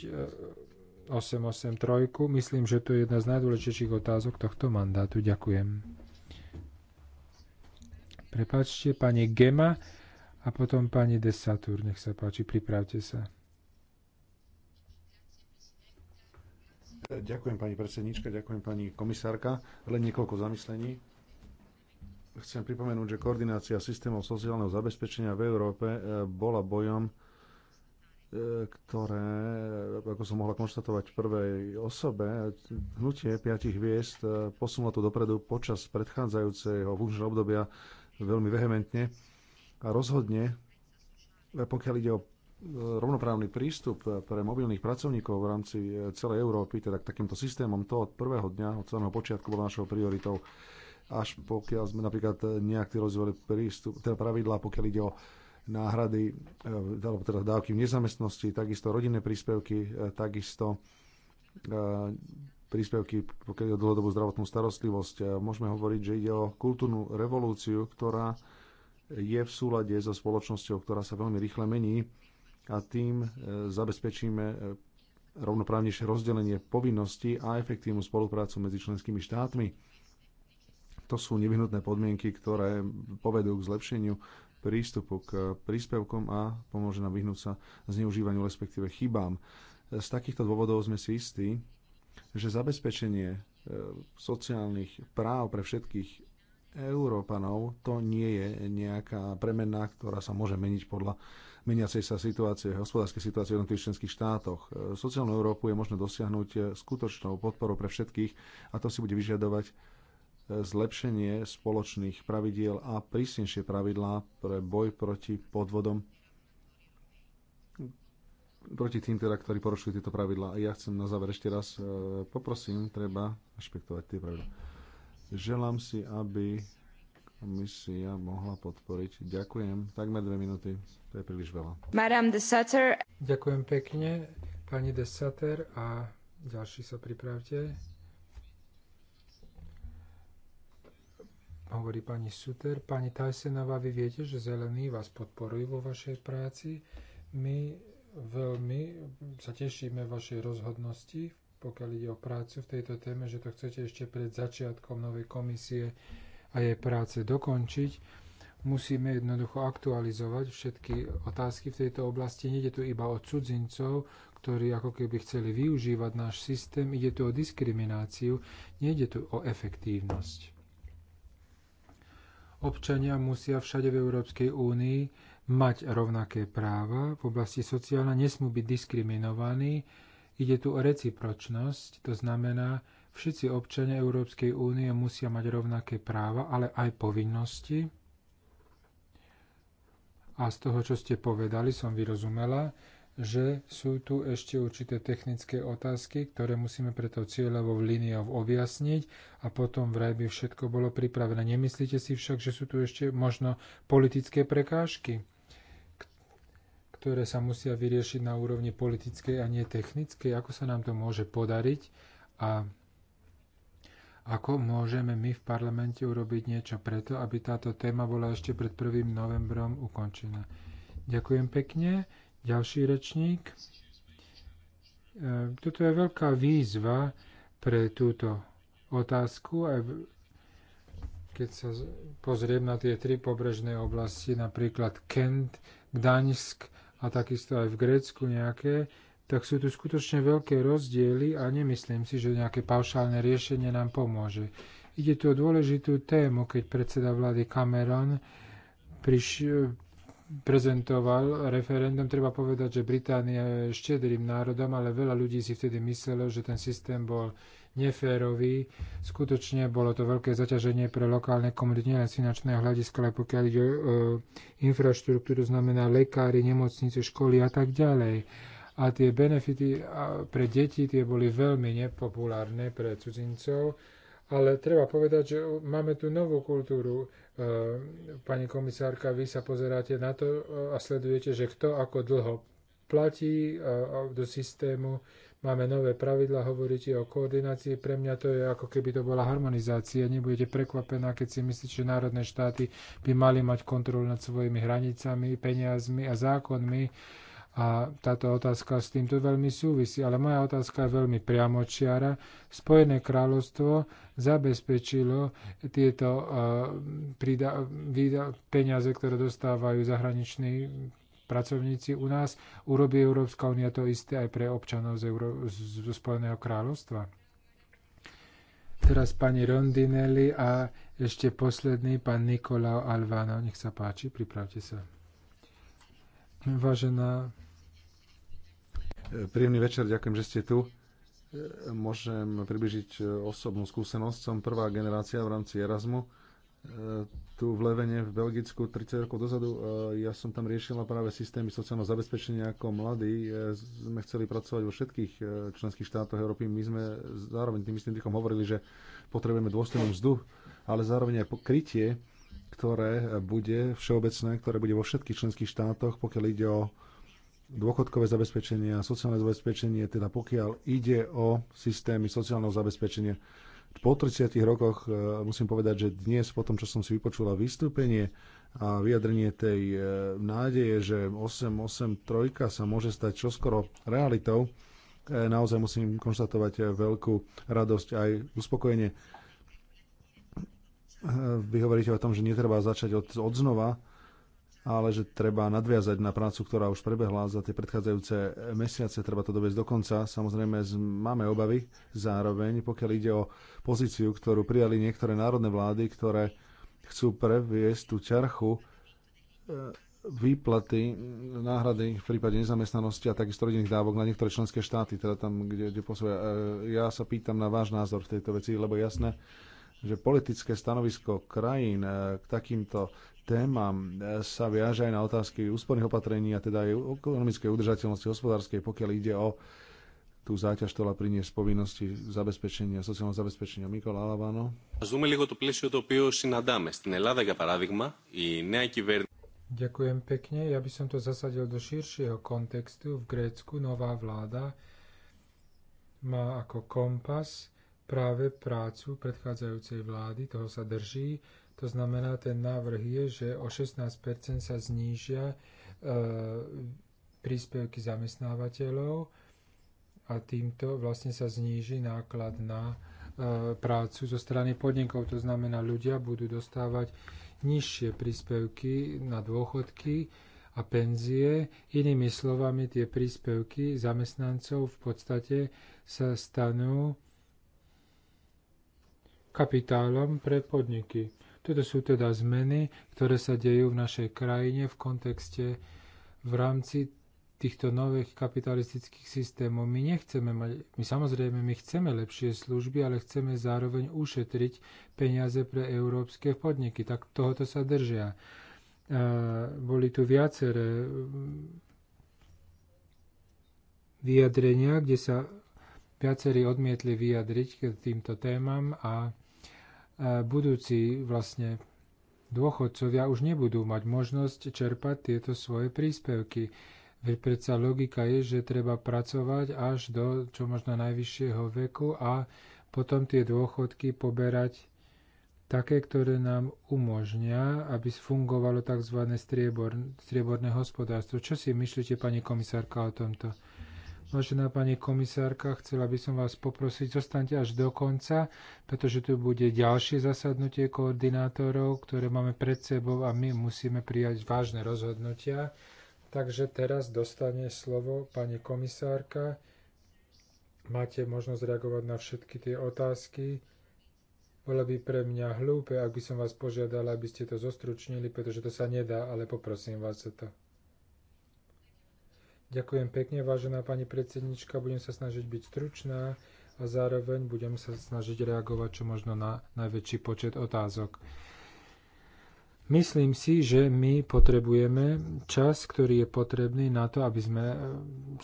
883. E, Myslím, že to je jedna z najdôležitejších otázok tohto mandátu. Ďakujem. Prepačte, pani Gema a potom pani Desatur. Nech sa páči, pripravte sa. Ďakujem pani predsednička, ďakujem pani komisárka. Len niekoľko zamyslení. Chcem pripomenúť, že koordinácia systémov sociálneho zabezpečenia v Európe e, bola bojom, e, ktoré, ako som mohla konštatovať v prvej osobe, hnutie piatich hviezd e, posunulo to dopredu počas predchádzajúceho funkčného obdobia veľmi vehementne a rozhodne, pokiaľ ide o rovnoprávny prístup pre mobilných pracovníkov v rámci eh, celej Európy, teda k takýmto systémom, to od prvého dňa, od samého počiatku bolo našou prioritou, až pokiaľ sme napríklad eh, nejak rozvojili prístup, teda pravidlá, pokiaľ ide o náhrady, eh, alebo teda dávky v nezamestnosti, takisto rodinné príspevky, takisto príspevky, pokiaľ ide o dlhodobú zdravotnú starostlivosť. Môžeme hovoriť, že ide o kultúrnu revolúciu, ktorá je v súlade so spoločnosťou, ktorá sa veľmi rýchle mení a tým e, zabezpečíme e, rovnoprávnejšie rozdelenie povinností a efektívnu spoluprácu medzi členskými štátmi. To sú nevyhnutné podmienky, ktoré povedú k zlepšeniu prístupu k príspevkom a pomôže nám vyhnúť sa zneužívaniu, respektíve chybám. E, z takýchto dôvodov sme si istí, že zabezpečenie sociálnych práv pre všetkých Európanov to nie je nejaká premena, ktorá sa môže meniť podľa meniacej sa situácie, hospodárskej situácie v jednotlivých členských štátoch. E, sociálnu Európu je možné dosiahnuť e, skutočnou podporou pre všetkých a to si bude vyžadovať e, zlepšenie spoločných pravidiel a prísnejšie pravidlá pre boj proti podvodom proti tým, teda, ktorí porušujú tieto pravidlá. A ja chcem na záver ešte raz poprosím, treba rešpektovať tie pravidlá. Želám si, aby misia mohla podporiť. Ďakujem. Takmer dve minúty. To je príliš veľa. Madame de Sutter. Ďakujem pekne, pani de Sutter a ďalší sa pripravte. Hovorí pani Suter. Pani Tajsenová, vy viete, že zelení vás podporujú vo vašej práci. My veľmi sa tešíme vašej rozhodnosti, pokiaľ ide o prácu v tejto téme, že to chcete ešte pred začiatkom novej komisie a jej práce dokončiť, musíme jednoducho aktualizovať všetky otázky v tejto oblasti. Nede tu iba o cudzincov, ktorí ako keby chceli využívať náš systém, ide tu o diskrimináciu, nejde tu o efektívnosť. Občania musia všade v Európskej únii mať rovnaké práva. V oblasti sociálna nesmú byť diskriminovaní. Ide tu o recipročnosť, to znamená, Všetci občania Európskej únie musia mať rovnaké práva, ale aj povinnosti. A z toho, čo ste povedali, som vyrozumela, že sú tu ešte určité technické otázky, ktoré musíme preto cieľovou líniou objasniť a potom vraj by všetko bolo pripravené. Nemyslíte si však, že sú tu ešte možno politické prekážky, ktoré sa musia vyriešiť na úrovni politickej a nie technickej? Ako sa nám to môže podariť? A ako môžeme my v parlamente urobiť niečo preto, aby táto téma bola ešte pred 1. novembrom ukončená? Ďakujem pekne. Ďalší rečník. E, toto je veľká výzva pre túto otázku. Aj keď sa pozriem na tie tri pobrežné oblasti, napríklad Kent, Gdaňsk a takisto aj v Grécku nejaké, tak sú tu skutočne veľké rozdiely a nemyslím si, že nejaké paušálne riešenie nám pomôže. Ide tu o dôležitú tému, keď predseda vlády Cameron priš- prezentoval referendum. Treba povedať, že Británia je štedrým národom, ale veľa ľudí si vtedy myslelo, že ten systém bol neférový. Skutočne bolo to veľké zaťaženie pre lokálne komunity, nielen z finančného hľadiska, ale pokiaľ ide o infraštruktúru, znamená lekári, nemocnice, školy a tak ďalej a tie benefity pre deti tie boli veľmi nepopulárne pre cudzincov, ale treba povedať, že máme tu novú kultúru. E, pani komisárka, vy sa pozeráte na to e, a sledujete, že kto ako dlho platí e, do systému. Máme nové pravidla, hovoríte o koordinácii. Pre mňa to je ako keby to bola harmonizácia. Nebudete prekvapená, keď si myslíte, že národné štáty by mali mať kontrolu nad svojimi hranicami, peniazmi a zákonmi a táto otázka s týmto veľmi súvisí, ale moja otázka je veľmi priamočiara. Spojené kráľovstvo zabezpečilo tieto uh, prida, vida, peniaze, ktoré dostávajú zahraniční pracovníci u nás. Urobí Európska únia to isté aj pre občanov z, Euró- z Spojeného kráľovstva. Teraz pani Rondinelli a ešte posledný, pán Nikolao Alvano. Nech sa páči, pripravte sa. Vážená Príjemný večer, ďakujem, že ste tu. Môžem približiť osobnú skúsenosť. Som prvá generácia v rámci Erasmu. Tu v Levene v Belgicku 30 rokov dozadu ja som tam riešila práve systémy sociálneho zabezpečenia ako mladí. E, sme chceli pracovať vo všetkých e, členských štátoch Európy. My sme zároveň tým istým dýchom hovorili, že potrebujeme dôstojnú mzdu, ale zároveň aj pokrytie, ktoré bude všeobecné, ktoré bude vo všetkých členských štátoch, pokiaľ ide o dôchodkové zabezpečenie a sociálne zabezpečenie, teda pokiaľ ide o systémy sociálneho zabezpečenia. Po 30 rokoch e, musím povedať, že dnes, po tom, čo som si vypočula vystúpenie a vyjadrenie tej e, nádeje, že 883 sa môže stať čoskoro realitou, e, naozaj musím konštatovať veľkú radosť aj uspokojenie. Vy hovoríte o tom, že netreba začať od, od znova, ale že treba nadviazať na prácu, ktorá už prebehla za tie predchádzajúce mesiace, treba to dovieť do konca. Samozrejme, máme obavy zároveň, pokiaľ ide o pozíciu, ktorú prijali niektoré národné vlády, ktoré chcú previesť tú ťarchu e, výplaty, náhrady v prípade nezamestnanosti a takisto rodinných dávok na niektoré členské štáty, teda tam, kde, kde e, Ja sa pýtam na váš názor v tejto veci, lebo jasné, že politické stanovisko krajín eh, k takýmto témam eh, sa viaže aj na otázky úsporných opatrení a teda aj ekonomickej udržateľnosti hospodárskej, pokiaľ ide o tú záťaž, ktorá priniesť povinnosti zabezpečenia, sociálneho zabezpečenia. Mikola Alabano. Ďakujem pekne. Ja by som to zasadil do širšieho kontextu. V Grécku nová vláda má ako kompas práve prácu predchádzajúcej vlády, toho sa drží. To znamená, ten návrh je, že o 16 sa znížia e, príspevky zamestnávateľov a týmto vlastne sa zníži náklad na e, prácu zo strany podnikov. To znamená, ľudia budú dostávať nižšie príspevky na dôchodky a penzie. Inými slovami, tie príspevky zamestnancov v podstate sa stanú kapitálom pre podniky. Toto sú teda zmeny, ktoré sa dejú v našej krajine v kontexte v rámci týchto nových kapitalistických systémov. My nechceme mať, my samozrejme, my chceme lepšie služby, ale chceme zároveň ušetriť peniaze pre európske podniky. Tak tohoto sa držia. E, boli tu viaceré mm, vyjadrenia, kde sa viacerí odmietli vyjadriť k týmto témam a e, budúci vlastne dôchodcovia už nebudú mať možnosť čerpať tieto svoje príspevky. Veď predsa logika je, že treba pracovať až do čo možno najvyššieho veku a potom tie dôchodky poberať také, ktoré nám umožňa, aby fungovalo tzv. strieborné hospodárstvo. Čo si myslíte, pani komisárka, o tomto? Vážená pani komisárka, chcela by som vás poprosiť, zostaňte až do konca, pretože tu bude ďalšie zasadnutie koordinátorov, ktoré máme pred sebou a my musíme prijať vážne rozhodnutia. Takže teraz dostane slovo pani komisárka. Máte možnosť reagovať na všetky tie otázky. Bolo by pre mňa hlúpe, ak by som vás požiadala, aby ste to zostručnili, pretože to sa nedá, ale poprosím vás o to. Ďakujem pekne, vážená pani predsednička. Budem sa snažiť byť stručná a zároveň budem sa snažiť reagovať čo možno na najväčší počet otázok. Myslím si, že my potrebujeme čas, ktorý je potrebný na to, aby sme e,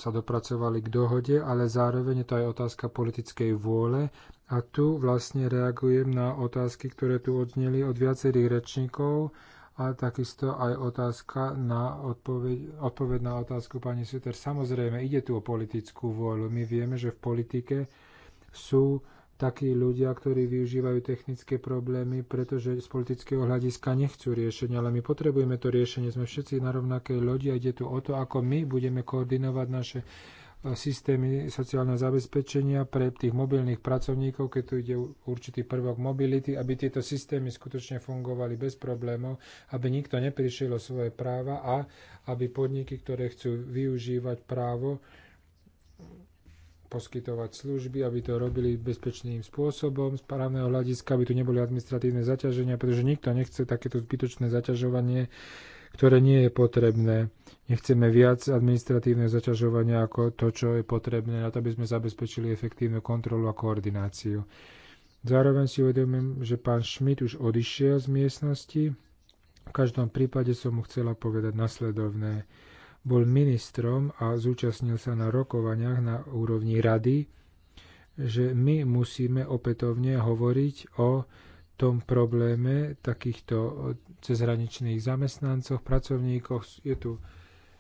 sa dopracovali k dohode, ale zároveň je to aj otázka politickej vôle. A tu vlastne reagujem na otázky, ktoré tu odzneli od viacerých rečníkov a takisto aj otázka na odpoveď, odpoveď na otázku pani Suter. Samozrejme, ide tu o politickú vôľu. My vieme, že v politike sú takí ľudia, ktorí využívajú technické problémy, pretože z politického hľadiska nechcú riešenie, ale my potrebujeme to riešenie. Sme všetci na rovnakej lodi a ide tu o to, ako my budeme koordinovať naše systémy sociálneho zabezpečenia pre tých mobilných pracovníkov, keď tu ide určitý prvok mobility, aby tieto systémy skutočne fungovali bez problémov, aby nikto neprišiel o svoje práva a aby podniky, ktoré chcú využívať právo poskytovať služby, aby to robili bezpečným spôsobom, z právneho hľadiska, aby tu neboli administratívne zaťaženia, pretože nikto nechce takéto zbytočné zaťažovanie ktoré nie je potrebné. Nechceme viac administratívne zaťažovania ako to, čo je potrebné na to, aby sme zabezpečili efektívnu kontrolu a koordináciu. Zároveň si uvedomím, že pán Schmidt už odišiel z miestnosti. V každom prípade som mu chcela povedať nasledovné. Bol ministrom a zúčastnil sa na rokovaniach na úrovni rady, že my musíme opätovne hovoriť o tom probléme takýchto cezhraničných zamestnancoch, pracovníkoch. Je tu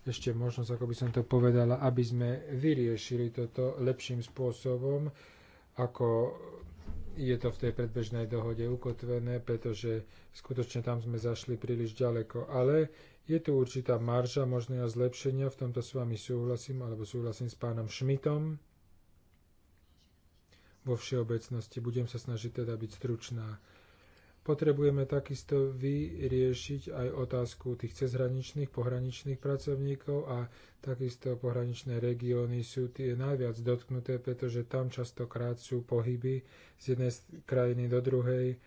ešte možnosť, ako by som to povedala, aby sme vyriešili toto lepším spôsobom, ako je to v tej predbežnej dohode ukotvené, pretože skutočne tam sme zašli príliš ďaleko. Ale je tu určitá marža možného zlepšenia, v tomto s vami súhlasím, alebo súhlasím s pánom Šmitom. Vo všeobecnosti budem sa snažiť teda byť stručná. Potrebujeme takisto vyriešiť aj otázku tých cezhraničných, pohraničných pracovníkov a takisto pohraničné regióny sú tie najviac dotknuté, pretože tam častokrát sú pohyby z jednej krajiny do druhej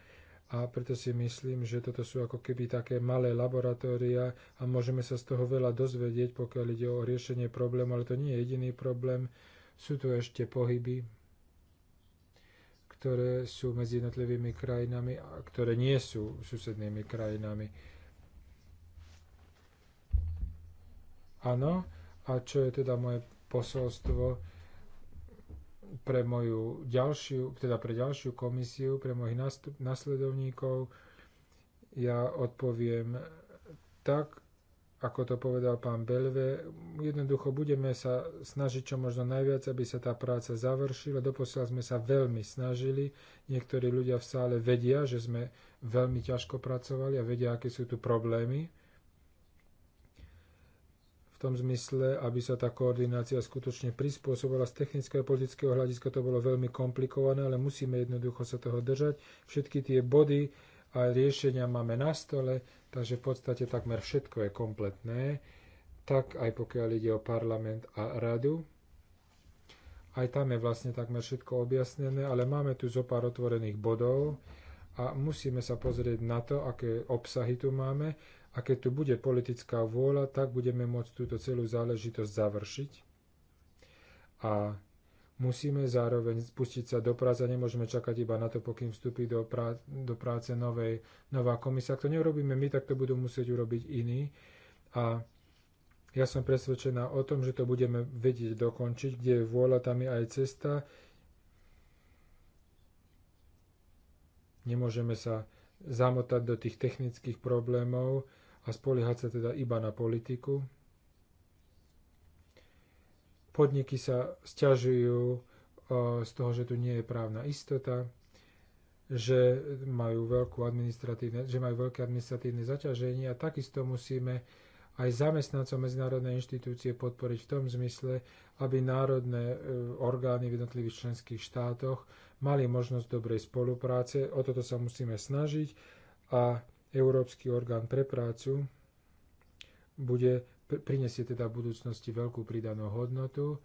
a preto si myslím, že toto sú ako keby také malé laboratória a môžeme sa z toho veľa dozvedieť, pokiaľ ide o riešenie problému, ale to nie je jediný problém. Sú tu ešte pohyby ktoré sú medzi jednotlivými krajinami a ktoré nie sú susednými krajinami. Áno, a čo je teda moje posolstvo pre moju ďalšiu, teda pre ďalšiu komisiu, pre mojich nasledovníkov, ja odpoviem tak, ako to povedal pán Belve, jednoducho budeme sa snažiť čo možno najviac, aby sa tá práca završila. Doposiaľ sme sa veľmi snažili. Niektorí ľudia v sále vedia, že sme veľmi ťažko pracovali a vedia, aké sú tu problémy. V tom zmysle, aby sa tá koordinácia skutočne prispôsobila z technického a politického hľadiska, to bolo veľmi komplikované, ale musíme jednoducho sa toho držať. Všetky tie body, a riešenia máme na stole, takže v podstate takmer všetko je kompletné, tak aj pokiaľ ide o parlament a radu. Aj tam je vlastne takmer všetko objasnené, ale máme tu zo pár otvorených bodov a musíme sa pozrieť na to, aké obsahy tu máme a keď tu bude politická vôľa, tak budeme môcť túto celú záležitosť završiť. A musíme zároveň pustiť sa do práce a nemôžeme čakať iba na to, pokým vstúpi do, prá- do práce novej, nová komisia. Ak to neurobíme my, tak to budú musieť urobiť iní. A ja som presvedčená o tom, že to budeme vedieť dokončiť, kde je vôľa, tam je aj cesta. Nemôžeme sa zamotať do tých technických problémov a spoliehať sa teda iba na politiku. Podniky sa sťažujú e, z toho, že tu nie je právna istota, že majú, veľkú administratívne, že majú veľké administratívne zaťaženie a takisto musíme aj zamestnancov medzinárodnej inštitúcie podporiť v tom zmysle, aby národné e, orgány v jednotlivých členských štátoch mali možnosť dobrej spolupráce. O toto sa musíme snažiť a Európsky orgán pre prácu bude prinesie teda v budúcnosti veľkú pridanú hodnotu.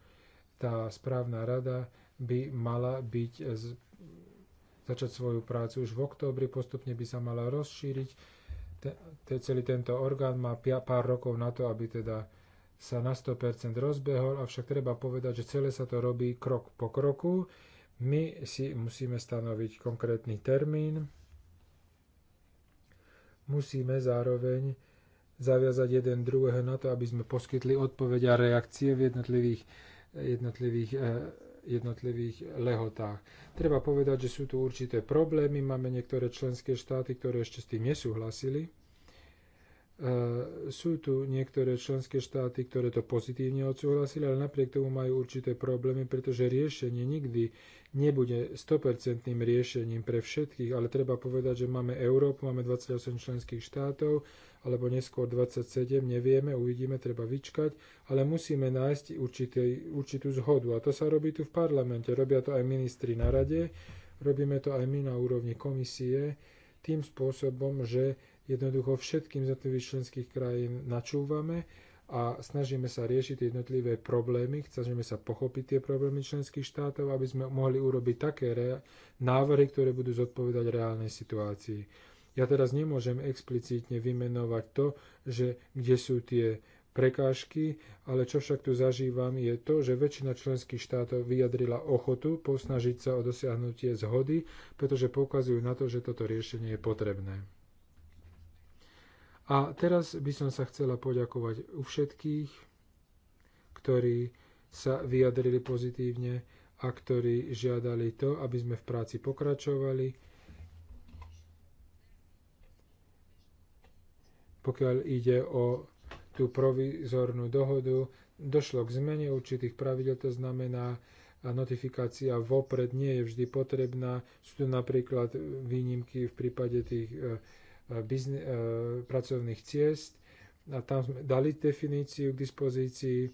Tá správna rada by mala byť, eh, začať svoju prácu už v októbri, postupne by sa mala rozšíriť. Te, te, celý tento orgán má pia, pár rokov na to, aby teda sa na 100% rozbehol, avšak treba povedať, že celé sa to robí krok po kroku. My si musíme stanoviť konkrétny termín, musíme zároveň zaviazať jeden druhého na to, aby sme poskytli odpovede a reakcie v jednotlivých, jednotlivých, eh, jednotlivých lehotách. Treba povedať, že sú tu určité problémy. Máme niektoré členské štáty, ktoré ešte s tým nesúhlasili E, sú tu niektoré členské štáty, ktoré to pozitívne odsúhlasili, ale napriek tomu majú určité problémy, pretože riešenie nikdy nebude 100% riešením pre všetkých, ale treba povedať, že máme Európu, máme 28 členských štátov, alebo neskôr 27, nevieme, uvidíme, treba vyčkať, ale musíme nájsť určitý, určitú zhodu. A to sa robí tu v parlamente, robia to aj ministri na rade, robíme to aj my na úrovni komisie, tým spôsobom, že Jednoducho všetkým z jednotlivých členských krajín načúvame a snažíme sa riešiť jednotlivé problémy, snažíme sa pochopiť tie problémy členských štátov, aby sme mohli urobiť také návrhy, ktoré budú zodpovedať reálnej situácii. Ja teraz nemôžem explicitne vymenovať to, že kde sú tie prekážky, ale čo však tu zažívam je to, že väčšina členských štátov vyjadrila ochotu posnažiť sa o dosiahnutie zhody, pretože poukazujú na to, že toto riešenie je potrebné. A teraz by som sa chcela poďakovať u všetkých, ktorí sa vyjadrili pozitívne a ktorí žiadali to, aby sme v práci pokračovali. Pokiaľ ide o tú provizornú dohodu, došlo k zmene určitých pravidel, to znamená, a notifikácia vopred nie je vždy potrebná. Sú tu napríklad výnimky v prípade tých e, Eh, bizne, eh, pracovných ciest a tam sme dali definíciu k dispozícii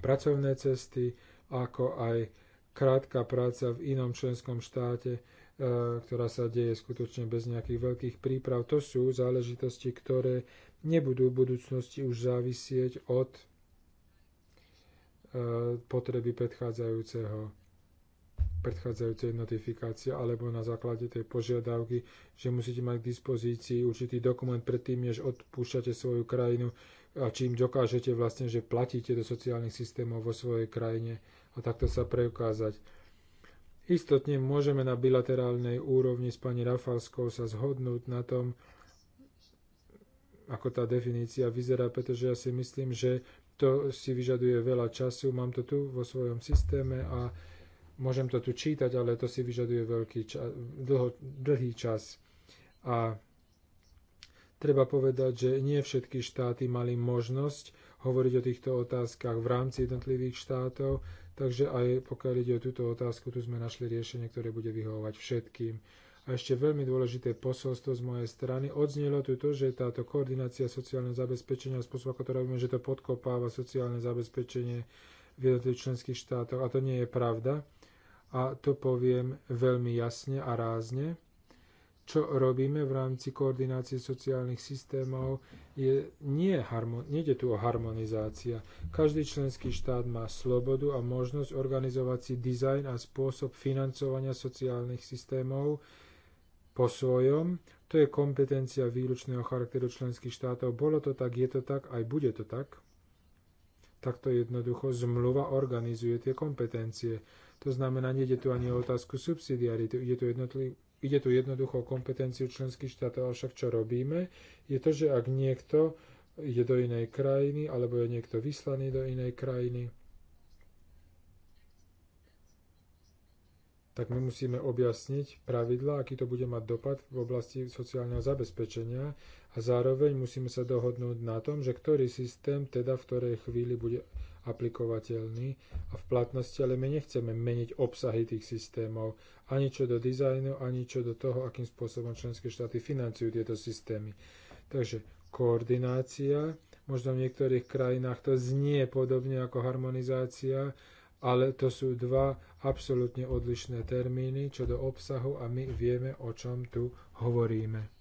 pracovné cesty, ako aj krátka práca v inom členskom štáte, eh, ktorá sa deje skutočne bez nejakých veľkých príprav. To sú záležitosti, ktoré nebudú v budúcnosti už závisieť od potreby predchádzajúceho predchádzajúcej notifikácie alebo na základe tej požiadavky, že musíte mať k dispozícii určitý dokument predtým, než odpúšťate svoju krajinu a čím dokážete vlastne, že platíte do sociálnych systémov vo svojej krajine a takto sa preukázať. Istotne môžeme na bilaterálnej úrovni s pani Rafalskou sa zhodnúť na tom, ako tá definícia vyzerá, pretože ja si myslím, že to si vyžaduje veľa času. Mám to tu vo svojom systéme a Môžem to tu čítať, ale to si vyžaduje veľký čas, dlho, dlhý čas. A treba povedať, že nie všetky štáty mali možnosť hovoriť o týchto otázkach v rámci jednotlivých štátov, takže aj pokiaľ ide o túto otázku, tu sme našli riešenie, ktoré bude vyhovovať všetkým. A ešte veľmi dôležité posolstvo z mojej strany odznelo tu to, že táto koordinácia sociálneho zabezpečenia, spôsob ako to robíme, že to podkopáva sociálne zabezpečenie v jednotlivých členských štátoch. A to nie je pravda a to poviem veľmi jasne a rázne. Čo robíme v rámci koordinácie sociálnych systémov, je, nie, harmon, nie je tu o harmonizácia. Každý členský štát má slobodu a možnosť organizovať si dizajn a spôsob financovania sociálnych systémov po svojom. To je kompetencia výlučného charakteru členských štátov. Bolo to tak, je to tak, aj bude to tak. Takto jednoducho zmluva organizuje tie kompetencie to znamená, nejde tu ani o otázku subsidiarity, ide tu, ide tu jednoducho o kompetenciu členských štátov, avšak čo robíme, je to, že ak niekto ide do inej krajiny, alebo je niekto vyslaný do inej krajiny, tak my musíme objasniť pravidla, aký to bude mať dopad v oblasti sociálneho zabezpečenia a zároveň musíme sa dohodnúť na tom, že ktorý systém teda v ktorej chvíli bude aplikovateľný a v platnosti, ale my nechceme meniť obsahy tých systémov, ani čo do dizajnu, ani čo do toho, akým spôsobom členské štáty financujú tieto systémy. Takže koordinácia, možno v niektorých krajinách to znie podobne ako harmonizácia, ale to sú dva absolútne odlišné termíny čo do obsahu a my vieme, o čom tu hovoríme.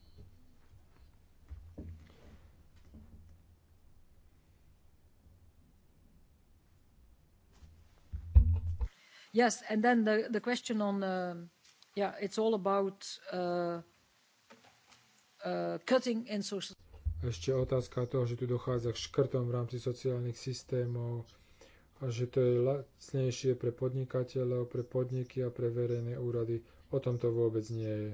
yes and then the, the question on um, yeah it's all about uh, uh, cutting in social ešte otázka toho, že tu dochádza k škrtom v rámci sociálnych systémov a že to je lacnejšie pre podnikateľov, pre podniky a pre verejné úrady. O tom to vôbec nie je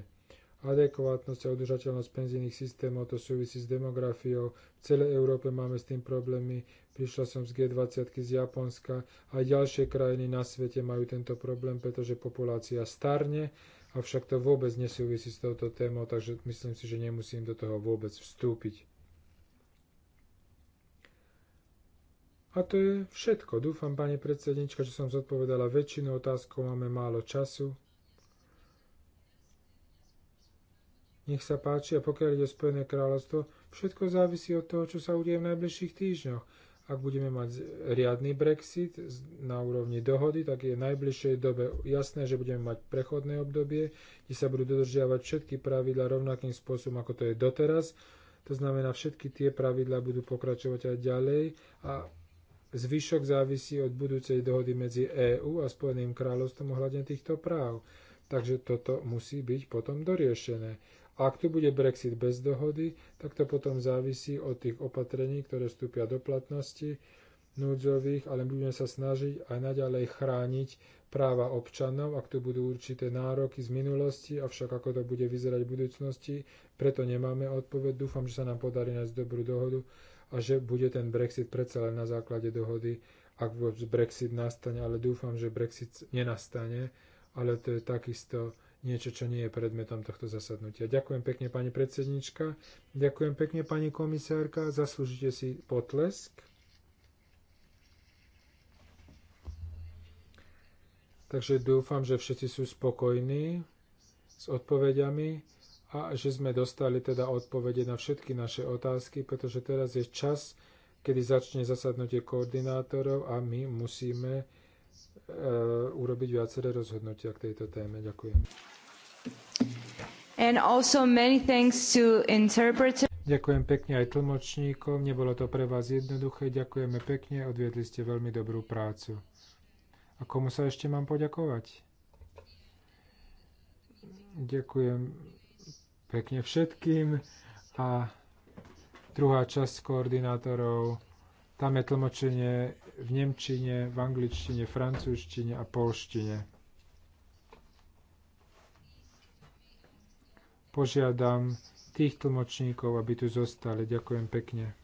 adekvátnosť a udržateľnosť penzijných systémov, to súvisí s demografiou. V celej Európe máme s tým problémy. Prišla som z G20 z Japonska. Aj ďalšie krajiny na svete majú tento problém, pretože populácia starne, avšak to vôbec nesúvisí s touto témou, takže myslím si, že nemusím do toho vôbec vstúpiť. A to je všetko. Dúfam, pani predsednička, že som zodpovedala väčšinu otázkov, máme málo času. Nech sa páči, a pokiaľ ide Spojené kráľovstvo, všetko závisí od toho, čo sa udeje v najbližších týždňoch. Ak budeme mať riadny Brexit na úrovni dohody, tak je v najbližšej dobe jasné, že budeme mať prechodné obdobie, kde sa budú dodržiavať všetky pravidla rovnakým spôsobom, ako to je doteraz. To znamená, všetky tie pravidla budú pokračovať aj ďalej a Zvyšok závisí od budúcej dohody medzi EÚ a Spojeným kráľovstvom ohľadne týchto práv. Takže toto musí byť potom doriešené. Ak tu bude Brexit bez dohody, tak to potom závisí od tých opatrení, ktoré vstúpia do platnosti, núdzových, ale budeme sa snažiť aj naďalej chrániť práva občanov, ak tu budú určité nároky z minulosti, avšak ako to bude vyzerať v budúcnosti, preto nemáme odpoveď. Dúfam, že sa nám podarí nájsť dobrú dohodu a že bude ten Brexit predsa len na základe dohody, ak Brexit nastane, ale dúfam, že Brexit nenastane, ale to je takisto niečo, čo nie je predmetom tohto zasadnutia. Ďakujem pekne, pani predsednička. Ďakujem pekne, pani komisárka. Zaslúžite si potlesk. Takže dúfam, že všetci sú spokojní s odpovediami a že sme dostali teda odpovede na všetky naše otázky, pretože teraz je čas, kedy začne zasadnutie koordinátorov a my musíme e, urobiť viaceré rozhodnutia k tejto téme. Ďakujem. And also many thanks to interpreter. Ďakujem pekne aj tlmočníkom, nebolo to pre vás jednoduché, ďakujeme pekne, odviedli ste veľmi dobrú prácu. A komu sa ešte mám poďakovať? Ďakujem pekne všetkým a druhá časť koordinátorov, tam je tlmočenie v Nemčine, v angličtine, francúzštine a polštine. Požiadam tých tlmočníkov, aby tu zostali. Ďakujem pekne.